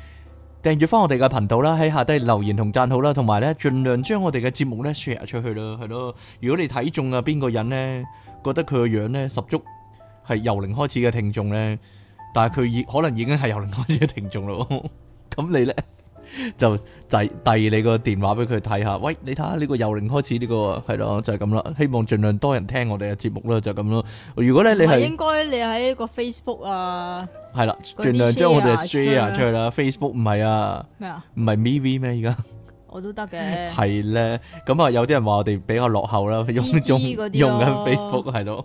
訂閱返我哋嘅頻道啦，喺下低留言同讚好啦，同埋呢，盡量將我哋嘅節目呢 share 出去咯，係咯。如果你睇中啊邊個人呢，覺得佢個樣呢十足係由零開始嘅聽眾呢，但係佢已可能已經係由零開始嘅聽眾咯。咁你呢？就遞遞你個電話俾佢睇下，喂，你睇下呢個由零開始呢個係咯，就係咁啦。希望盡量多人聽我哋嘅節目啦，就咁咯。如果咧你係應該你喺個 Facebook 啊，係啦，盡量將我哋 share 出去啦。Facebook 唔係啊，咩啊？唔係 Mv 咩？而家我都得嘅，係咧。咁啊，有啲人話我哋比較落後啦，用用用緊 Facebook 係咯，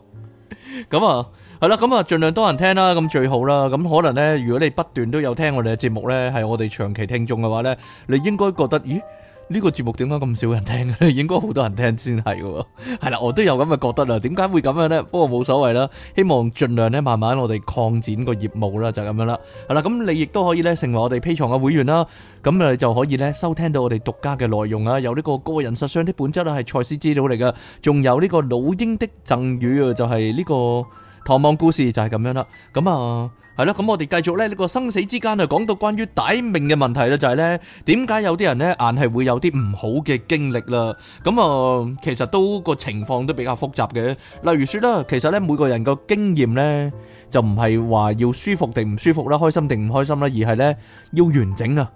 咁啊。係啦，咁啊，盡量多人聽啦，咁最好啦。咁可能咧，如果你不斷都有聽我哋嘅節目咧，係我哋長期聽眾嘅話咧，你應該覺得咦呢個節目點解咁少人聽咧？應該好多人聽先係嘅。係啦，我都有咁嘅覺得啊。點解會咁樣咧？不過冇所謂啦。希望盡量咧，慢慢我哋擴展個業務啦，就咁樣啦。係啦，咁你亦都可以咧，成為我哋 P 床嘅會員啦。咁你就可以咧，收聽到我哋獨家嘅內容啊。有呢個個人實相的本質啦，係賽斯資料嚟嘅，仲有呢個老鷹的贈語啊，就係呢個。唐望故事就係咁樣啦，咁啊係啦，咁我哋繼續咧呢個生死之間啊，講到關於歹命嘅問題啦，就係咧點解有啲人咧硬係會有啲唔好嘅經歷啦？咁啊，其實都個情況都比較複雜嘅，例如說啦，其實咧每個人個經驗咧就唔係話要舒服定唔舒服啦，開心定唔開心啦，而係咧要完整啊，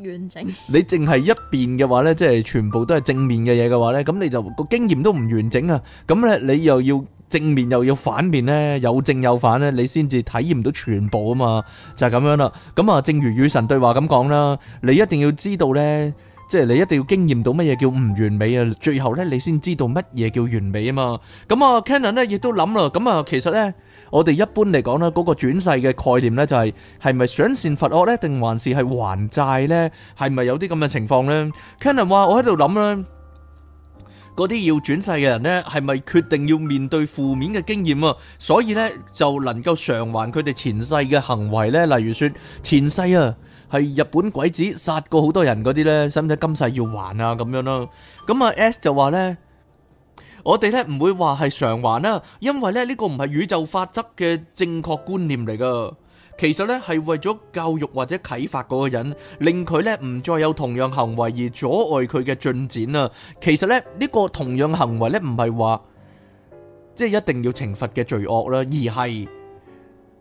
完整。你淨係一邊嘅話咧，即係全部都係正面嘅嘢嘅話咧，咁你就個經驗都唔完整啊，咁咧你又要。正面又要反面呢？有正有反呢？你先至體驗到全部啊嘛，就係、是、咁樣啦。咁啊，正如與神對話咁講啦，你一定要知道呢，即係你一定要經驗到乜嘢叫唔完美啊，最後呢，你先知道乜嘢叫完美啊嘛。咁、嗯、啊 Canon 呢亦都諗啦，咁、嗯、啊，其實呢，我哋一般嚟講咧，嗰、那個轉世嘅概念呢、就是，就係係咪賞善罰惡呢？定還是係還債呢？係咪有啲咁嘅情況呢？Canon 話：我喺度諗咧。嗰啲要轉世嘅人呢，係咪決定要面對負面嘅經驗啊？所以呢就能夠償還佢哋前世嘅行為呢，例如說前世啊係日本鬼子殺過好多人嗰啲呢，使唔使今世要還啊？咁樣咯。咁啊 S 就話呢，我哋呢唔會話係償還啦，因為呢呢個唔係宇宙法則嘅正確觀念嚟噶。其實咧，係為咗教育或者啟發嗰個人，令佢咧，唔再有同樣行為而阻礙佢嘅進展啊！其實咧，呢個同樣行為咧，唔係話即係一定要懲罰嘅罪惡啦，而係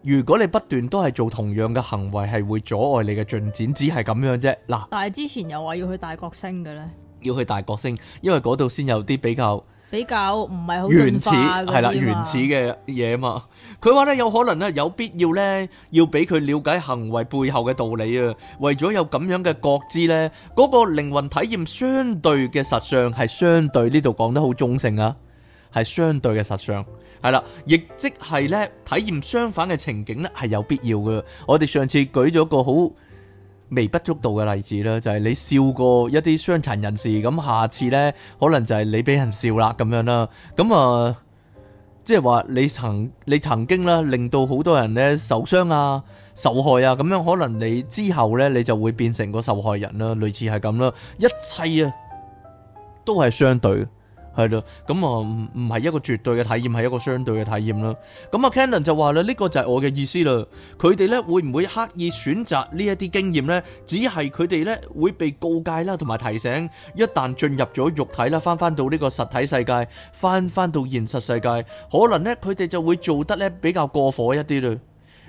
如果你不斷都係做同樣嘅行為，係會阻礙你嘅進展，只係咁樣啫。嗱，但係之前又話要去大角星嘅咧？要去大角星，因為嗰度先有啲比較。比較唔係好原始係啦，原始嘅嘢，啊嘛。佢話咧有可能咧，有必要咧要俾佢了解行為背後嘅道理啊。為咗有咁樣嘅覺知咧，嗰個靈魂體驗相對嘅實相係，相對呢度講得好中性啊，係相對嘅實相係啦，亦即係咧體驗相反嘅情景咧係有必要嘅。我哋上次舉咗個好。微不足道嘅例子啦，就係你笑過一啲傷殘人士，咁下次呢，可能就係你俾人笑啦咁樣啦，咁啊即係話你曾你曾經啦令到好多人呢受傷啊受害啊，咁樣可能你之後呢，你就會變成個受害人啦，類似係咁啦，一切啊都係相對。係咯，咁啊唔係一個絕對嘅體驗，係一個相對嘅體驗啦。咁、嗯、啊，Canon 就話啦，呢、這個就係我嘅意思啦。佢哋咧會唔會刻意選擇呢一啲經驗呢？只係佢哋咧會被告誡啦，同埋提醒，一旦進入咗肉體啦，返返到呢個實體世界，返返到現實世界，可能咧佢哋就會做得咧比較過火一啲嘞。」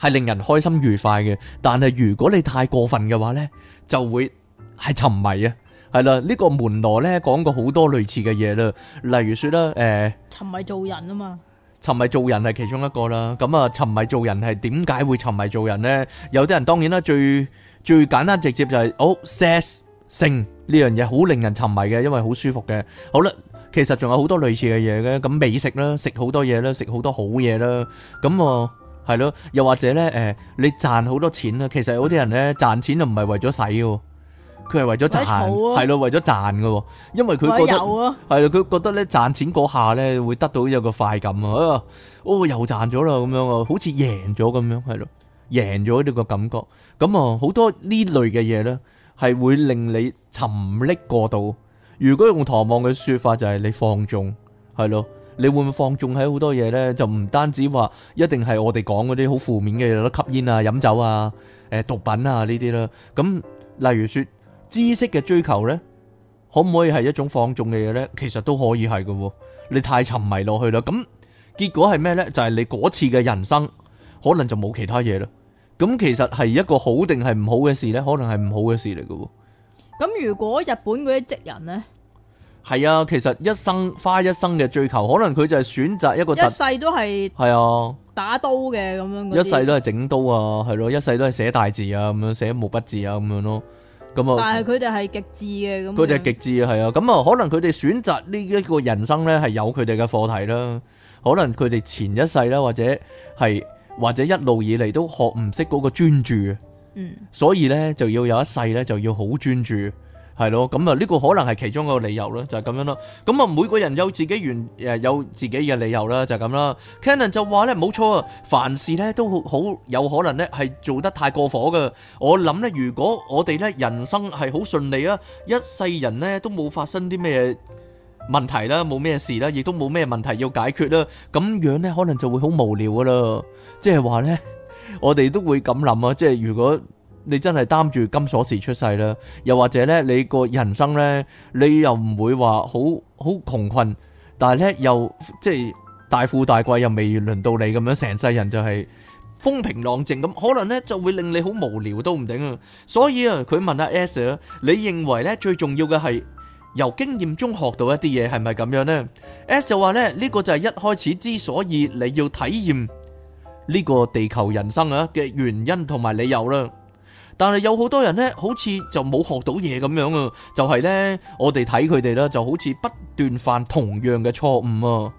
係令人開心愉快嘅，但係如果你太過分嘅話呢，就會係沉迷啊。係啦，呢個門羅呢講過好多類似嘅嘢啦，例如說啦，誒，沉迷做人啊嘛，沉迷做人係其中一個啦。咁啊，沉迷做人係點解會沉迷做人呢？有啲人當然啦，最最簡單直接就係哦，sex 性呢樣嘢，好令人沉迷嘅，因為好舒服嘅。好啦，其實仲有好多類似嘅嘢嘅，咁美食啦，食好多嘢啦，食好多好嘢啦，咁啊。係咯，又或者咧，誒、呃，你賺好多錢啦。其實有啲人咧，賺錢就唔係為咗使嘅，佢係為咗賺，係咯、啊，為咗賺嘅。因為佢覺得係啦，佢、啊、覺得咧賺錢嗰下咧會得到有個快感啊，哦，又賺咗啦，咁樣啊，好似贏咗咁樣，係咯，贏咗呢個感覺。咁啊，好多呢類嘅嘢咧，係會令你沉溺過度。如果用唐望嘅說法就係你放縱，係咯。你會唔會放縱喺好多嘢呢？就唔單止話一定係我哋講嗰啲好負面嘅嘢，吸煙啊、飲酒啊、誒毒品啊呢啲啦。咁例如説知識嘅追求呢，可唔可以係一種放縱嘅嘢呢？其實都可以係㗎喎。你太沉迷落去啦，咁結果係咩呢？就係你嗰次嘅人生可能就冇其他嘢啦。咁其實係一個好定係唔好嘅事呢？可能係唔好嘅事嚟㗎喎。咁如果日本嗰啲職人呢？係啊，其實一生花一生嘅追求，可能佢就係選擇一個一世都係，係啊，打刀嘅咁樣，啊、些一世都係整刀啊，係咯、啊，一世都係寫大字啊，咁樣寫毛筆字啊，咁樣咯，咁啊。但係佢哋係極致嘅咁，佢哋係極致嘅，係啊，咁啊，可能佢哋選擇呢一個人生咧，係有佢哋嘅課題啦。可能佢哋前一世啦，或者係或者一路以嚟都學唔識嗰個專注，嗯，所以咧就要有一世咧就要好專注。係咯，咁啊，呢個可能係其中一個理由咯，就係咁樣咯。咁啊，每個人有自己原誒有自己嘅理由啦，就係咁啦。Canon 就話咧，冇錯啊，凡事咧都好有可能咧係做得太過火噶。我諗咧，如果我哋咧人生係好順利啊，一世人咧都冇發生啲咩嘢問題啦，冇咩事啦，亦都冇咩問題要解決啦，咁樣咧可能就會好無聊噶咯。即係話咧，我哋都會咁諗啊，即係如果。你真係擔住金鎖匙出世啦，又或者咧，你個人生咧，你又唔會話好好窮困，但係咧又即係大富大貴又未輪到你咁樣，成世人就係風平浪靜咁，可能咧就會令你好無聊都唔頂啊。所以啊，佢問啊，S，你認為咧最重要嘅係由經驗中學到一啲嘢係咪咁樣咧？S 就話咧，呢個就係一開始之所以你要體驗呢個地球人生啊嘅原因同埋理由啦。但係有好多人咧，好似就冇學到嘢咁樣啊！就係咧，我哋睇佢哋啦，就好似不斷犯同樣嘅錯誤啊！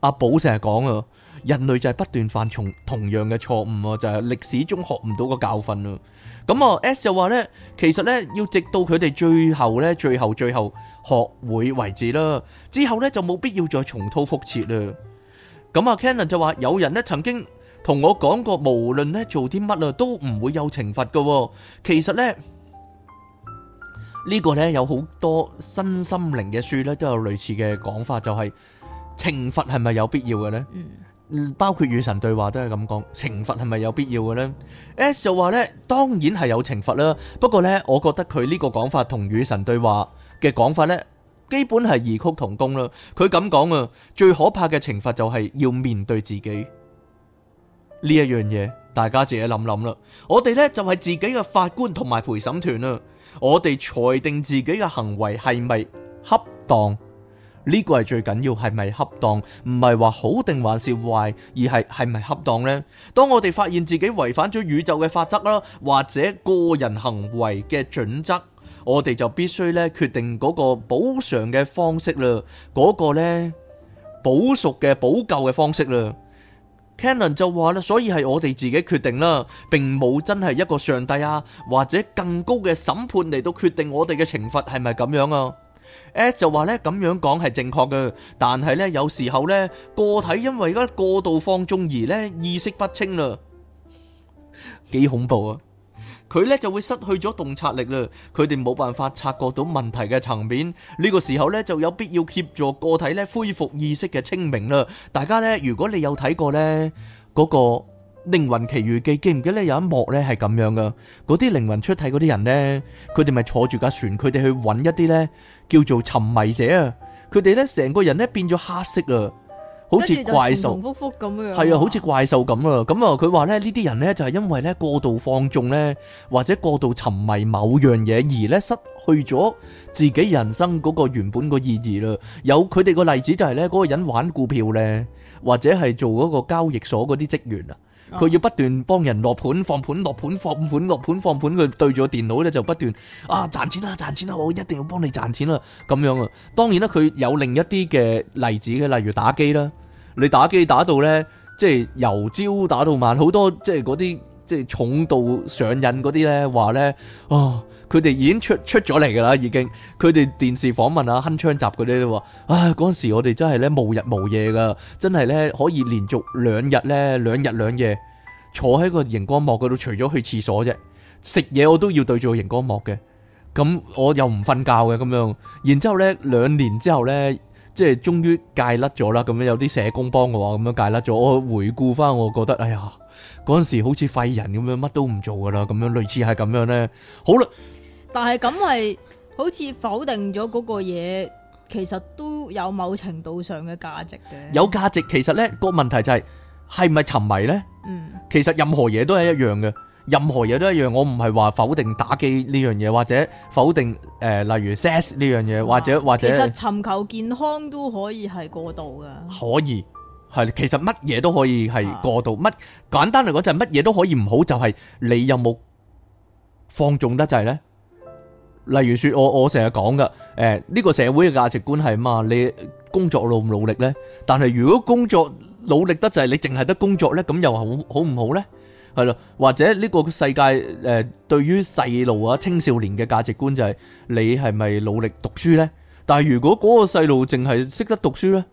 阿寶成日講啊，人類就係不斷犯同同樣嘅錯誤啊，就係歷史中學唔到個教訓啊！咁啊，S 就話咧，其實咧要直到佢哋最後咧，最後最後學會為止啦，之後咧就冇必要再重蹈覆轍啦。咁啊，Cannon 就話有人咧曾經。同我講過，無論咧做啲乜啊，都唔會有懲罰嘅。其實咧，呢個咧有好多身心靈嘅書咧都有類似嘅講法，就係懲罰係咪有必要嘅咧？嗯，包括與神對話都係咁講，懲罰係咪有必要嘅咧？S 就話咧，當然係有懲罰啦。不過咧，我覺得佢呢個講法同與神對話嘅講法咧，基本係異曲同工啦。佢咁講啊，最可怕嘅懲罰就係要面對自己。呢一樣嘢，大家自己諗諗啦。我哋呢就係自己嘅法官同埋陪審團啦。我哋裁定自己嘅行為係咪恰當？呢個係最緊要，係咪恰當？唔係話好定還是壞，而係係咪恰當呢？當我哋發現自己違反咗宇宙嘅法則啦，或者個人行為嘅準則，我哋就必須咧決定嗰個補償嘅方式啦，嗰個呢補贖嘅補救嘅方式啦。Canon 就話啦，所以係我哋自己決定啦，並冇真係一個上帝啊，或者更高嘅審判嚟到決定我哋嘅懲罰係咪咁樣啊？At 就話咧，咁樣講係正確嘅，但係咧有時候咧個體因為而家過度放縱而咧意識不清啦，幾恐怖啊！佢咧就會失去咗洞察力啦。佢哋冇辦法察覺到問題嘅層面，呢個時候咧就有必要協助個體咧恢復意識嘅清明啦。大家咧，如果你有睇過咧嗰個《靈魂奇遇記》，記唔記得咧有一幕咧係咁樣㗎？嗰啲靈魂出體嗰啲人咧，佢哋咪坐住架船，佢哋去揾一啲咧叫做沉迷者啊。佢哋咧成個人咧變咗黑色啊。好似怪獸重複複咁樣，係啊，好似怪獸咁啊！咁啊，佢話咧呢啲人咧就係因為咧過度放縱咧，或者過度沉迷某樣嘢而咧失去咗自己人生嗰個原本個意義啦。有佢哋個例子就係咧嗰個人玩股票咧，或者係做嗰個交易所嗰啲職員啊，佢要不斷幫人落盤放盤落盤放盤落盤放盤，佢對住電腦咧就不斷啊賺錢啦賺錢啦，我一定要幫你賺錢啦咁樣啊！當然啦，佢有另一啲嘅例子嘅，例如打機啦。你打機打到咧，即係由朝打到晚，好多即係嗰啲即係重度上癮嗰啲咧，話咧，啊、哦，佢哋已經出出咗嚟㗎啦，已經。佢哋電視訪問啊，鏗鏘集嗰啲都話，唉，嗰陣時我哋真係咧無日無夜㗎，真係咧可以連續兩日咧兩日兩夜坐喺個熒光幕嗰度，除咗去廁所啫，食嘢我都要對住個熒光幕嘅，咁我又唔瞓覺嘅咁樣，然之後咧兩年之後咧。即係終於戒甩咗啦，咁樣有啲社工幫我啊，咁樣戒甩咗。我回顧翻，我覺得哎呀，嗰陣時好似廢人咁樣，乜都唔做噶啦，咁樣類似係咁樣咧。好啦，但係咁係好似否定咗嗰個嘢，其實都有某程度上嘅價值嘅。有價值，其實咧個問題就係係唔係沉迷咧？嗯，其實任何嘢都係一樣嘅。任何嘢都一樣，我唔係話否定打機呢樣嘢，或者否定，誒，例如 SAS 呢樣嘢，或者或者，其實尋求健康都可以係過度噶。可以係，其實乜嘢都可以係過度，乜簡單嚟講就係乜嘢都可以唔好，就係你有冇放縱得滯呢？例如說，我我成日講噶，誒呢個社會嘅價值觀係咁啊，你工作努唔努力咧？但係如果工作努力得滯，你淨係得工作咧，咁又好好唔好咧？係咯，或者呢個世界誒、呃，對於細路啊、青少年嘅價值觀就係、是、你係咪努力讀書咧？但係如果嗰個細路淨係識得讀書咧，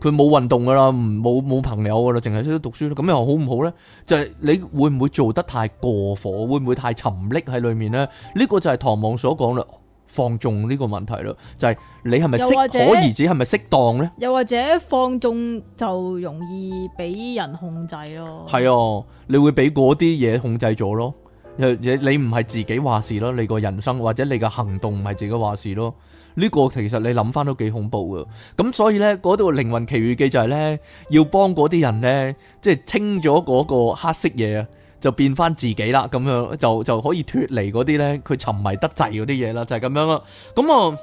佢冇運動噶啦，冇冇朋友噶啦，淨係識得讀書咯，咁又好唔好咧？就係、是、你會唔會做得太過火？會唔會太沉溺喺裏面咧？呢、這個就係唐望所講啦。放縱呢個問題咯，就係、是、你係咪適可而止，係咪適當咧？又或者放縱就容易俾人控制咯？係哦、啊，你會俾嗰啲嘢控制咗咯。又、嗯、你唔係自己話事咯，你個人生或者你嘅行動唔係自己話事咯。呢、這個其實你諗翻都幾恐怖噶。咁所以咧，嗰、那、套、個、靈魂奇遇記就係咧，要幫嗰啲人咧，即係清咗嗰個黑色嘢啊！就變翻自己啦，咁樣就就可以脫離嗰啲咧，佢沉迷得滯嗰啲嘢啦，就係咁樣咯。咁啊，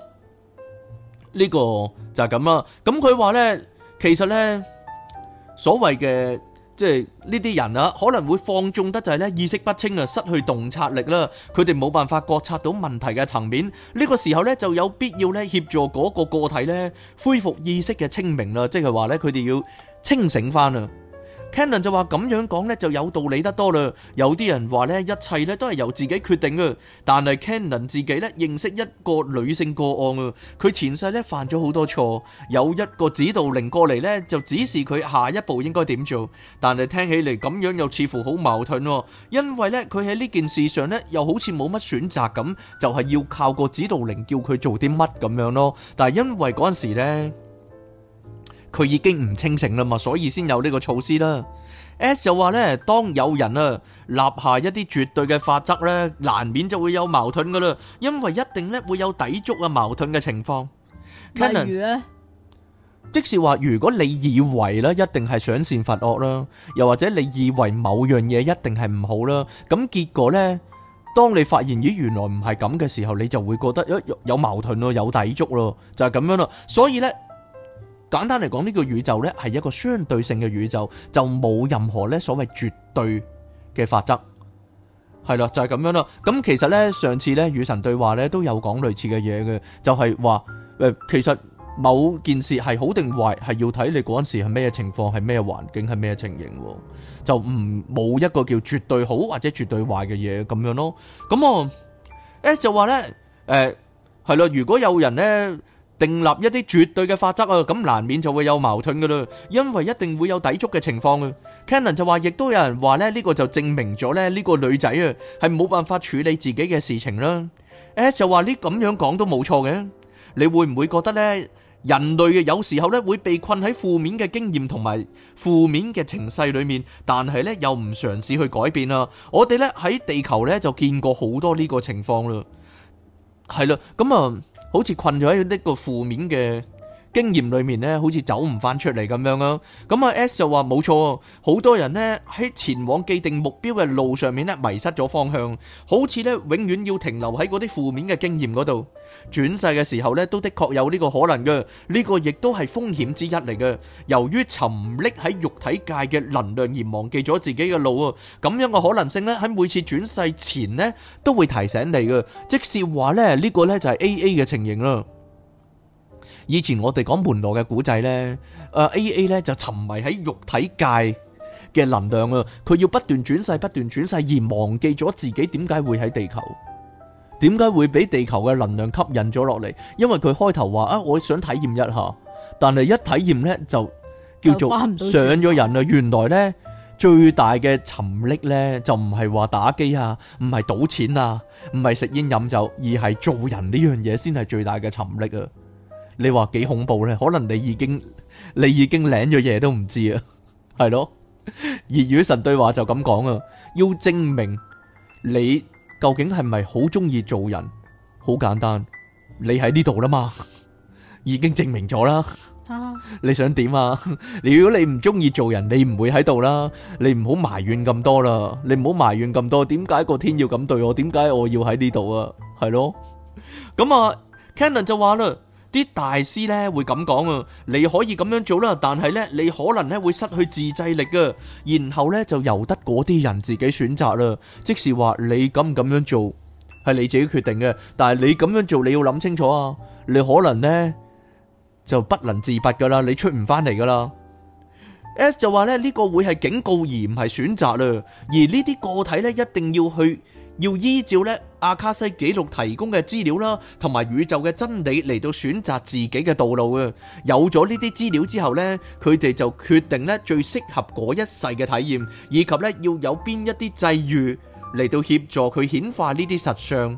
呢個就係咁啦。咁佢話咧，其實咧，所謂嘅即係呢啲人啊，可能會放縱得就係咧意識不清啊，失去洞察力啦。佢哋冇辦法覺察到問題嘅層面。呢個時候咧就有必要咧協助嗰個個體咧恢復意識嘅清明啦。即係話咧，佢哋要清醒翻啊！Cannon 就話咁樣講呢就有道理得多啦。有啲人話呢，一切呢都係由自己決定嘅。但係 Cannon 自己呢認識一個女性個案啊，佢前世呢犯咗好多錯，有一個指導靈過嚟呢，就指示佢下一步應該點做。但係聽起嚟咁樣又似乎好矛盾，因為呢，佢喺呢件事上呢又好似冇乜選擇咁，就係要靠個指導靈叫佢做啲乜咁樣咯。但係因為嗰陣時咧。佢已經唔清醒啦嘛，所以先有呢個措施啦。S 又話咧，當有人啊立下一啲絕對嘅法則咧，難免就會有矛盾噶啦，因為一定咧會有抵觸啊矛盾嘅情況。例如咧？即是話，如果你以為咧一定係賞善罰惡啦，又或者你以為某樣嘢一定係唔好啦，咁結果咧，當你發現於原來唔係咁嘅時候，你就會覺得誒有矛盾咯，有抵觸咯，就係咁樣啦。所以咧。簡單嚟講，呢個宇宙咧係一個相對性嘅宇宙，就冇任何咧所謂絕對嘅法則，係啦，就係咁樣咯。咁其實咧，上次咧與神對話咧都有講類似嘅嘢嘅，就係話誒，其實某件事係好定壞，係要睇你嗰陣時係咩情況，係咩環境，係咩情形，就唔冇一個叫絕對好或者絕對壞嘅嘢咁樣咯。咁我誒就話咧，誒係啦，如果有人咧。定立一啲絕對嘅法則啊，咁難免就會有矛盾噶啦，因為一定會有抵觸嘅情況啊。Cannon 就話，亦都有人話咧，呢個就證明咗咧呢個女仔啊，係冇辦法處理自己嘅事情啦。誒，就話呢咁樣講都冇錯嘅，你會唔會覺得咧人類嘅有時候咧會被困喺負面嘅經驗同埋負面嘅情緒裡面，但係咧又唔嘗試去改變啊？我哋咧喺地球咧就見過好多呢個情況啦，係啦，咁啊。好似困咗喺呢個負面嘅。經驗裏面咧，好似走唔翻出嚟咁樣啊。咁啊 S 就話冇錯，好多人咧喺前往既定目標嘅路上面咧迷失咗方向，好似咧永遠要停留喺嗰啲負面嘅經驗嗰度。轉世嘅時候咧，都的確有呢個可能嘅，呢個亦都係風險之一嚟嘅。由於沉溺喺肉體界嘅能量而忘記咗自己嘅路啊，咁樣嘅可能性咧喺每次轉世前咧都會提醒你嘅，即是話咧呢個咧就係 AA 嘅情形啦。以前我哋講門羅嘅古仔呢，誒 A A 呢就沉迷喺肉體界嘅能量啊，佢要不斷轉世，不斷轉世而忘記咗自己點解會喺地球，點解會俾地球嘅能量吸引咗落嚟。因為佢開頭話啊，我想體驗一下，但係一體驗呢就叫做上咗人啊！原來呢最大嘅沉溺呢就唔係話打機啊，唔係賭錢啊，唔係食煙飲酒，而係做人呢樣嘢先係最大嘅沉溺啊！你話幾恐怖咧？可能你已經你已經領咗嘢,都唔知啊，係咯？而與神對話就咁講啊，要證明你究竟係咪好中意做人？好簡單，你喺呢度啦嘛，已經證明咗啦。你想點啊？如果你唔中意做人，你唔會喺度啦。你唔好埋怨咁多啦，你唔好埋怨咁多。點解個天要咁對我？點解我要喺呢度啊？係咯？咁啊，Cannon 就話啦。啲大師呢會咁講啊，你可以咁樣做啦，但係呢你可能呢會失去自制力啊，然後呢就由得嗰啲人自己選擇啦。即是話你敢唔咁樣做，係你自己決定嘅，但係你咁樣做你要諗清楚啊，你可能呢就不能自拔噶啦，你出唔返嚟噶啦。S 就話呢呢個會係警告而唔係選擇啦，而呢啲個體呢一定要去。要依照咧阿卡西記錄提供嘅資料啦，同埋宇宙嘅真理嚟到選擇自己嘅道路啊！有咗呢啲資料之後呢，佢哋就決定呢最適合嗰一世嘅體驗，以及呢要有邊一啲際遇嚟到協助佢顯化呢啲實相，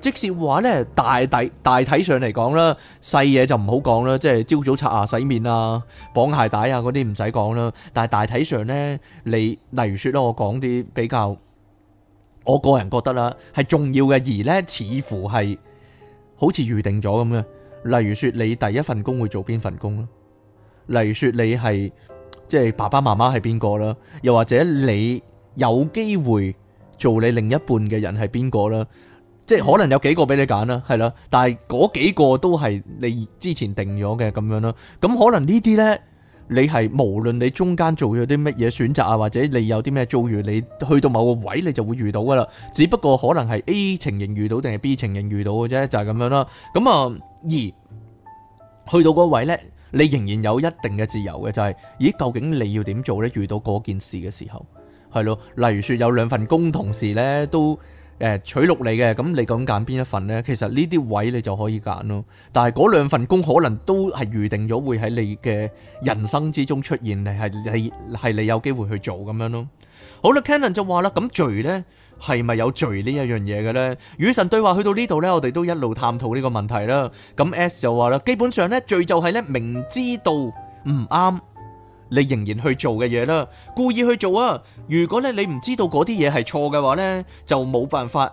即使大大。即是話呢，大大大體上嚟講啦，細嘢就唔好講啦，即係朝早刷牙、洗面啦、綁鞋帶啊嗰啲唔使講啦。但係大體上呢，你例如說啦，我講啲比較。我個人覺得啦，係重要嘅，而呢，似乎係好似預定咗咁嘅。例如說，你第一份工會做邊份工啦？例如說你，你係即係爸爸媽媽係邊個啦？又或者你有機會做你另一半嘅人係邊個啦？即係可能有幾個俾你揀啦，係啦，但係嗰幾個都係你之前定咗嘅咁樣囉。咁可能呢啲呢。你係無論你中間做咗啲乜嘢選擇啊，或者你有啲咩遭遇，你去到某個位，你就會遇到噶啦。只不過可能係 A 情形遇到，定係 B 情形遇到嘅啫，就係、是、咁樣啦。咁、嗯、啊，而去到嗰位呢，你仍然有一定嘅自由嘅，就係、是、咦，究竟你要點做呢？遇到嗰件事嘅時候，係咯。例如說有兩份工同時呢都，誒取錄你嘅，咁你究竟揀邊一份呢？其實呢啲位你就可以揀咯。但係嗰兩份工可能都係預定咗會喺你嘅人生之中出現，係係係你有機會去做咁樣咯。好啦 Canon 就話啦，「咁罪呢，係咪有罪呢一樣嘢嘅呢？」與神對話去到呢度呢，我哋都一路探討呢個問題啦。咁 S 就話啦，基本上呢，罪就係咧明知道唔啱。你仍然去做嘅嘢啦，故意去做啊！如果咧你唔知道嗰啲嘢係錯嘅話咧，就冇辦法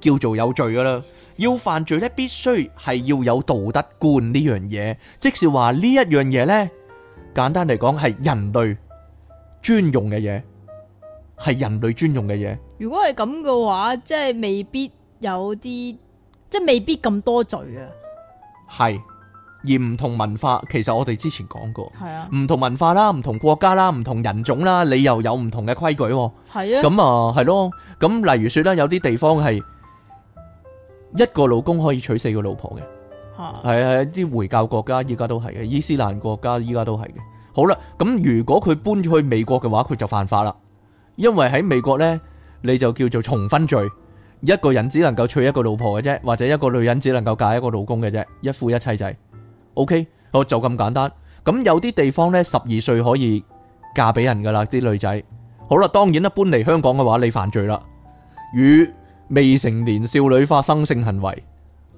叫做有罪噶啦。要犯罪咧，必須係要有道德觀呢樣嘢，即是話呢一樣嘢咧，簡單嚟講係人類專用嘅嘢，係人類專用嘅嘢。如果係咁嘅話，即係未必有啲，即係未必咁多罪啊。係。而唔同文化，其實我哋之前講過，係啊，唔同文化啦，唔同國家啦，唔同人種啦，你又有唔同嘅規矩。係啊，咁啊，係咯。咁例如説啦，有啲地方係一個老公可以娶四個老婆嘅，係啊。啲回教國家，依家都係嘅，伊斯蘭國家依家都係嘅。好啦，咁如果佢搬咗去美國嘅話，佢就犯法啦，因為喺美國呢，你就叫做重婚罪，一個人只能夠娶一個老婆嘅啫，或者一個女人只能夠嫁一個老公嘅啫，一夫一妻制。O、okay, K，我就咁簡單。咁有啲地方呢，十二歲可以嫁俾人噶啦，啲女仔。好啦，當然啦，搬嚟香港嘅話，你犯罪啦，與未成年少女發生性行為，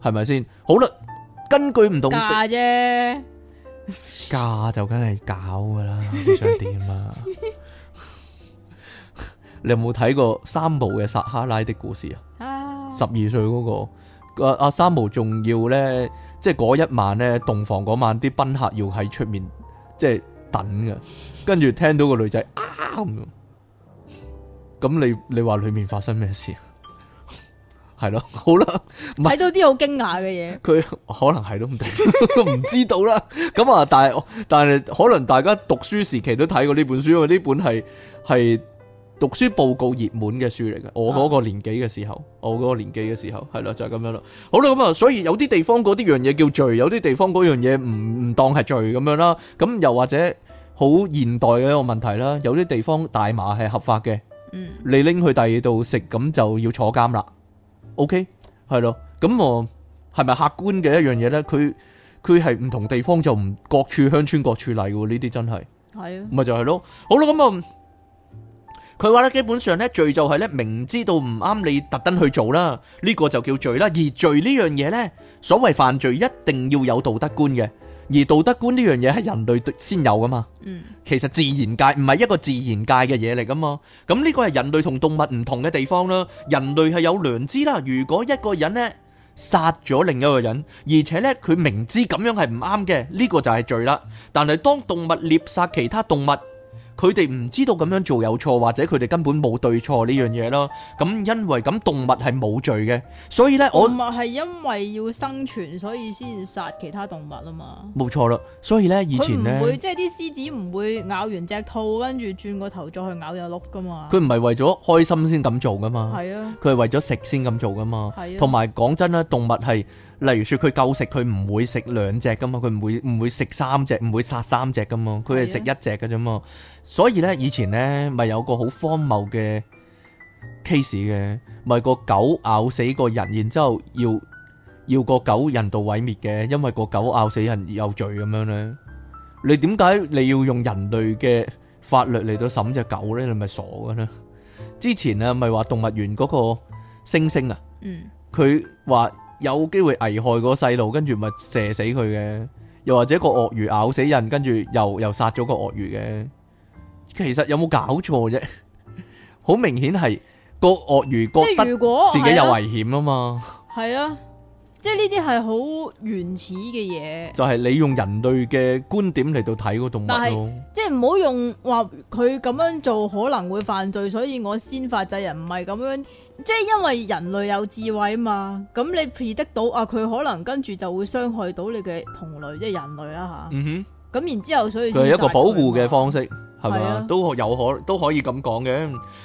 係咪先？好啦，根據唔同嫁啫而， 嫁就梗係搞噶啦，你想點啊？ 你有冇睇過三毛嘅《撒哈拉的故事》那個，啊？十二歲嗰個，阿三毛仲要呢。即係嗰一晚咧，洞房嗰晚啲賓客要喺出面，即係等嘅。跟住聽到個女仔啊咁，咁你你話裏面發生咩事？係 咯，好啦，唔係，睇到啲好驚訝嘅嘢。佢可能係都唔定，唔知道啦。咁啊， 但係但係可能大家讀書時期都睇過呢本書，因為呢本係係。讀書報告熱門嘅書嚟嘅，我嗰個年紀嘅時候，啊、我嗰個年紀嘅時候係咯，就係、是、咁樣咯。好啦，咁啊，所以有啲地方嗰啲樣嘢叫罪，有啲地方嗰樣嘢唔唔當係罪咁樣啦。咁又或者好現代嘅一個問題啦，有啲地方大麻係合法嘅，嗯，你拎去第二度食咁就要坐監啦。OK，係咯，咁我係咪客觀嘅一樣嘢呢？佢佢係唔同地方就唔各處鄉村各處例嘅呢啲真係係啊，咪的就係咯。好啦，咁、嗯、啊。佢話咧，基本上咧，罪就係咧，明知道唔啱，你特登去做啦，呢個就叫罪啦。而罪呢樣嘢呢，所謂犯罪一定要有道德觀嘅，而道德觀呢樣嘢係人類先有噶嘛。嗯，其實自然界唔係一個自然界嘅嘢嚟噶嘛。咁呢個係人類同動物唔同嘅地方啦。人類係有良知啦。如果一個人呢殺咗另一個人，而且呢，佢明知咁樣係唔啱嘅，呢個就係罪啦。但係當動物獵殺其他動物。佢哋唔知道咁樣做有錯，或者佢哋根本冇對錯呢、嗯、樣嘢咯。咁因為咁動物係冇罪嘅，所以呢，我動物係因為要生存，所以先殺其他動物啊嘛。冇錯啦，所以呢，以前呢，佢唔會即係啲獅子唔會咬完隻兔，跟住轉個頭再去咬隻鹿噶嘛。佢唔係為咗開心先咁做噶嘛。係啊，佢係為咗食先咁做噶嘛。係、啊，同埋講真啦，動物係。例如說佢夠食，佢唔會食兩隻噶嘛，佢唔會唔會食三隻，唔會殺三隻噶嘛，佢係食一隻㗎啫嘛。所以咧，以前咧咪有個好荒謬嘅 case 嘅，咪個狗咬死個人，然之後要要個狗人道毀滅嘅，因為個狗咬死人有罪咁樣咧。你點解你要用人類嘅法律嚟到審隻狗咧？你咪傻㗎啦！之前啊，咪話動物園嗰個猩猩啊，嗯，佢話。有機會危害個細路，跟住咪射死佢嘅；又或者個鱷魚咬死人，跟住又又殺咗個鱷魚嘅。其實有冇搞錯啫？好 明顯係個鱷魚覺得自己有危險啊嘛。係啊。即係呢啲係好原始嘅嘢，就係你用人類嘅觀點嚟到睇個動物，即係唔好用話佢咁樣做可能會犯罪，所以我先法制人，唔係咁樣。即係因為人類有智慧啊嘛，咁你 p 得到啊，佢可能跟住就會傷害到你嘅同類，即係人類啦吓。咁、嗯、哼然之後所以就係一個保護嘅方式。係啊，都有可都可以咁講嘅。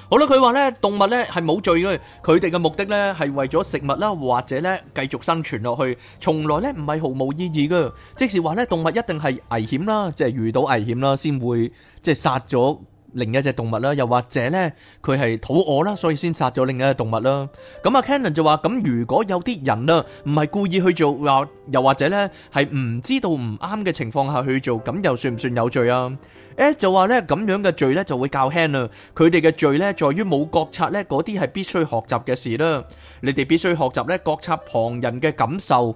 好啦，佢話咧動物咧係冇罪嘅，佢哋嘅目的咧係為咗食物啦，或者咧繼續生存落去，從來咧唔係毫無意義嘅。即是話咧動物一定係危險啦，即係遇到危險啦，先會即係殺咗。另一隻動物啦，又或者咧，佢係肚餓啦，所以先殺咗另一隻動物啦。咁啊，Cannon 就話：咁如果有啲人啊，唔係故意去做，或又或者咧，係唔知道唔啱嘅情況下去做，咁又算唔算有罪啊？誒，就話咧，咁樣嘅罪咧就會較輕啦。佢哋嘅罪咧，在於冇覺察咧，嗰啲係必須學習嘅事啦。你哋必須學習咧，覺察旁人嘅感受。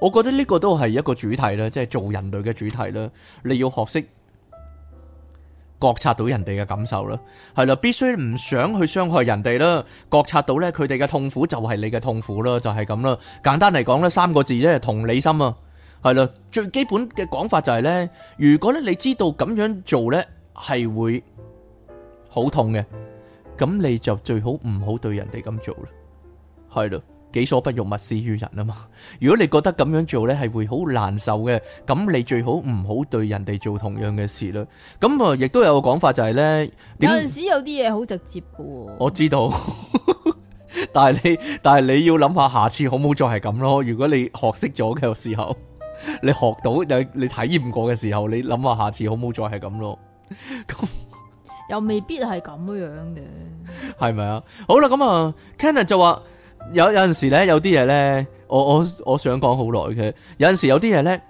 我覺得呢個都係一個主題啦，即係做人類嘅主題啦。你要學識。覺察到人哋嘅感受啦，係啦，必須唔想去傷害人哋啦。覺察到咧，佢哋嘅痛苦就係你嘅痛苦啦，就係咁啦。簡單嚟講咧，三個字啫，同理心啊，係啦。最基本嘅講法就係咧，如果咧你知道咁樣做咧係會好痛嘅，咁你就最好唔好對人哋咁做啦，係咯。己所不欲，勿施於人啊嘛！如果你覺得咁樣做咧係會好難受嘅，咁你最好唔好對人哋做同樣嘅事啦。咁啊，亦都有個講法就係、是、咧，有陣時有啲嘢好直接嘅喎、哦。我知道， 但係你，但係你要諗下下次好唔好再係咁咯。如果你學識咗嘅時候，你學到你你體驗過嘅時候，你諗下下次好唔好再係咁咯。咁 又未必係咁樣嘅，係咪 啊？好啦，咁啊，Kenneth 就話。有有陣時咧，有啲嘢咧，我我我想講好耐嘅。有陣時有啲嘢咧，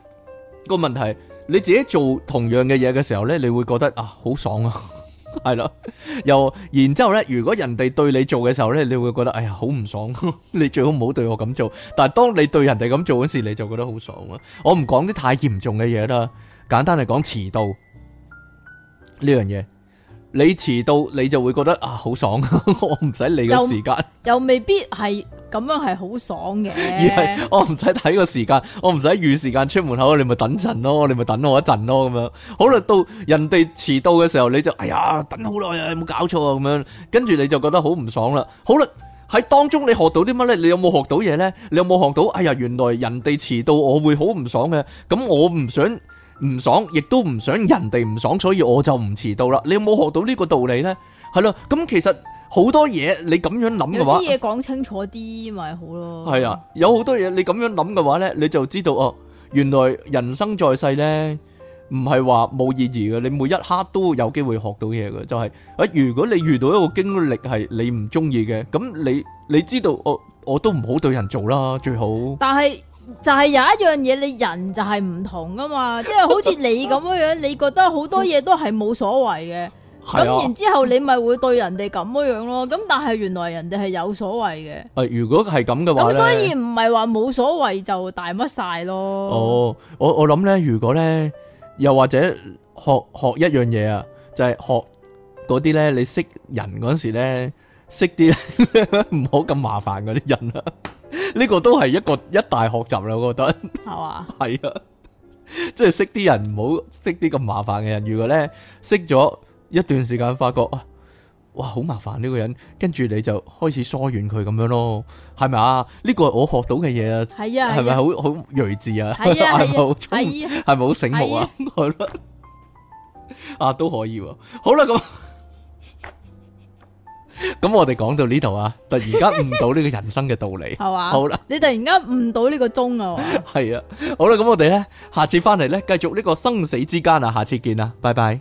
個問題你自己做同樣嘅嘢嘅時候咧，你會覺得啊好爽啊，係 咯。又然之後咧，如果人哋對你做嘅時候咧，你會覺得哎呀好唔爽啊。 你最好唔好對我咁做。但係當你對人哋咁做嗰時，你就覺得好爽啊。我唔講啲太嚴重嘅嘢啦，簡單嚟講，遲到呢樣嘢。這個你遲到你就會覺得啊好爽， 我唔使理個時間，又未必係咁樣係好爽嘅。 而係我唔使睇個時間，我唔使預時間出門口，你咪等陣咯，你咪等我一陣咯咁樣。好啦，到人哋遲到嘅時候，你就哎呀等好耐啊，有冇搞錯啊咁樣，跟住你就覺得好唔爽啦。好啦，喺當中你學到啲乜咧？你有冇學到嘢咧？你有冇學到？哎呀，原來人哋遲到我會好唔爽嘅，咁我唔想。唔爽，亦都唔想人哋唔爽，所以我就唔遲到啦。你有冇學到呢個道理呢？係咯，咁其實好多嘢你咁樣諗嘅話，啲嘢講清楚啲咪好咯？係啊，有好多嘢你咁樣諗嘅話呢，你就知道哦，原來人生在世呢，唔係話冇意義嘅，你每一刻都有機會學到嘢嘅，就係誒，如果你遇到一個經歷係你唔中意嘅，咁你你知道，我我都唔好對人做啦，最好。但係。就係有一樣嘢，你人就係唔同噶嘛，即係好似你咁樣樣， 你覺得好多嘢都係冇所謂嘅，咁 然之後你咪會對人哋咁樣樣咯，咁但係原來人哋係有所謂嘅。呃，如果係咁嘅話，咁所以唔係話冇所謂就大乜晒咯。哦，我我諗咧，如果呢，又或者學學一樣嘢啊，就係學嗰啲呢，你識人嗰陣時咧，識啲唔好咁麻煩嗰啲人啦。呢個都係一個一大學習啦，我覺得係啊，即係識啲人唔好識啲咁麻煩嘅人。如果咧識咗一段時間，發覺啊，哇好麻煩呢個人，跟住你就開始疏遠佢咁樣咯，係咪啊？呢個係我學到嘅嘢啊，係啊，係咪好好睿智啊？係咪好係咪好醒目啊？係咯，啊都可以喎。好啦，咁。咁我哋講到呢度啊，突然間悟到呢個人生嘅道理，係嘛？好啦，你突然間悟到呢個鐘啊？係 啊，好啦，咁我哋咧，下次翻嚟咧，繼續呢個生死之間啊，下次見啦，拜拜。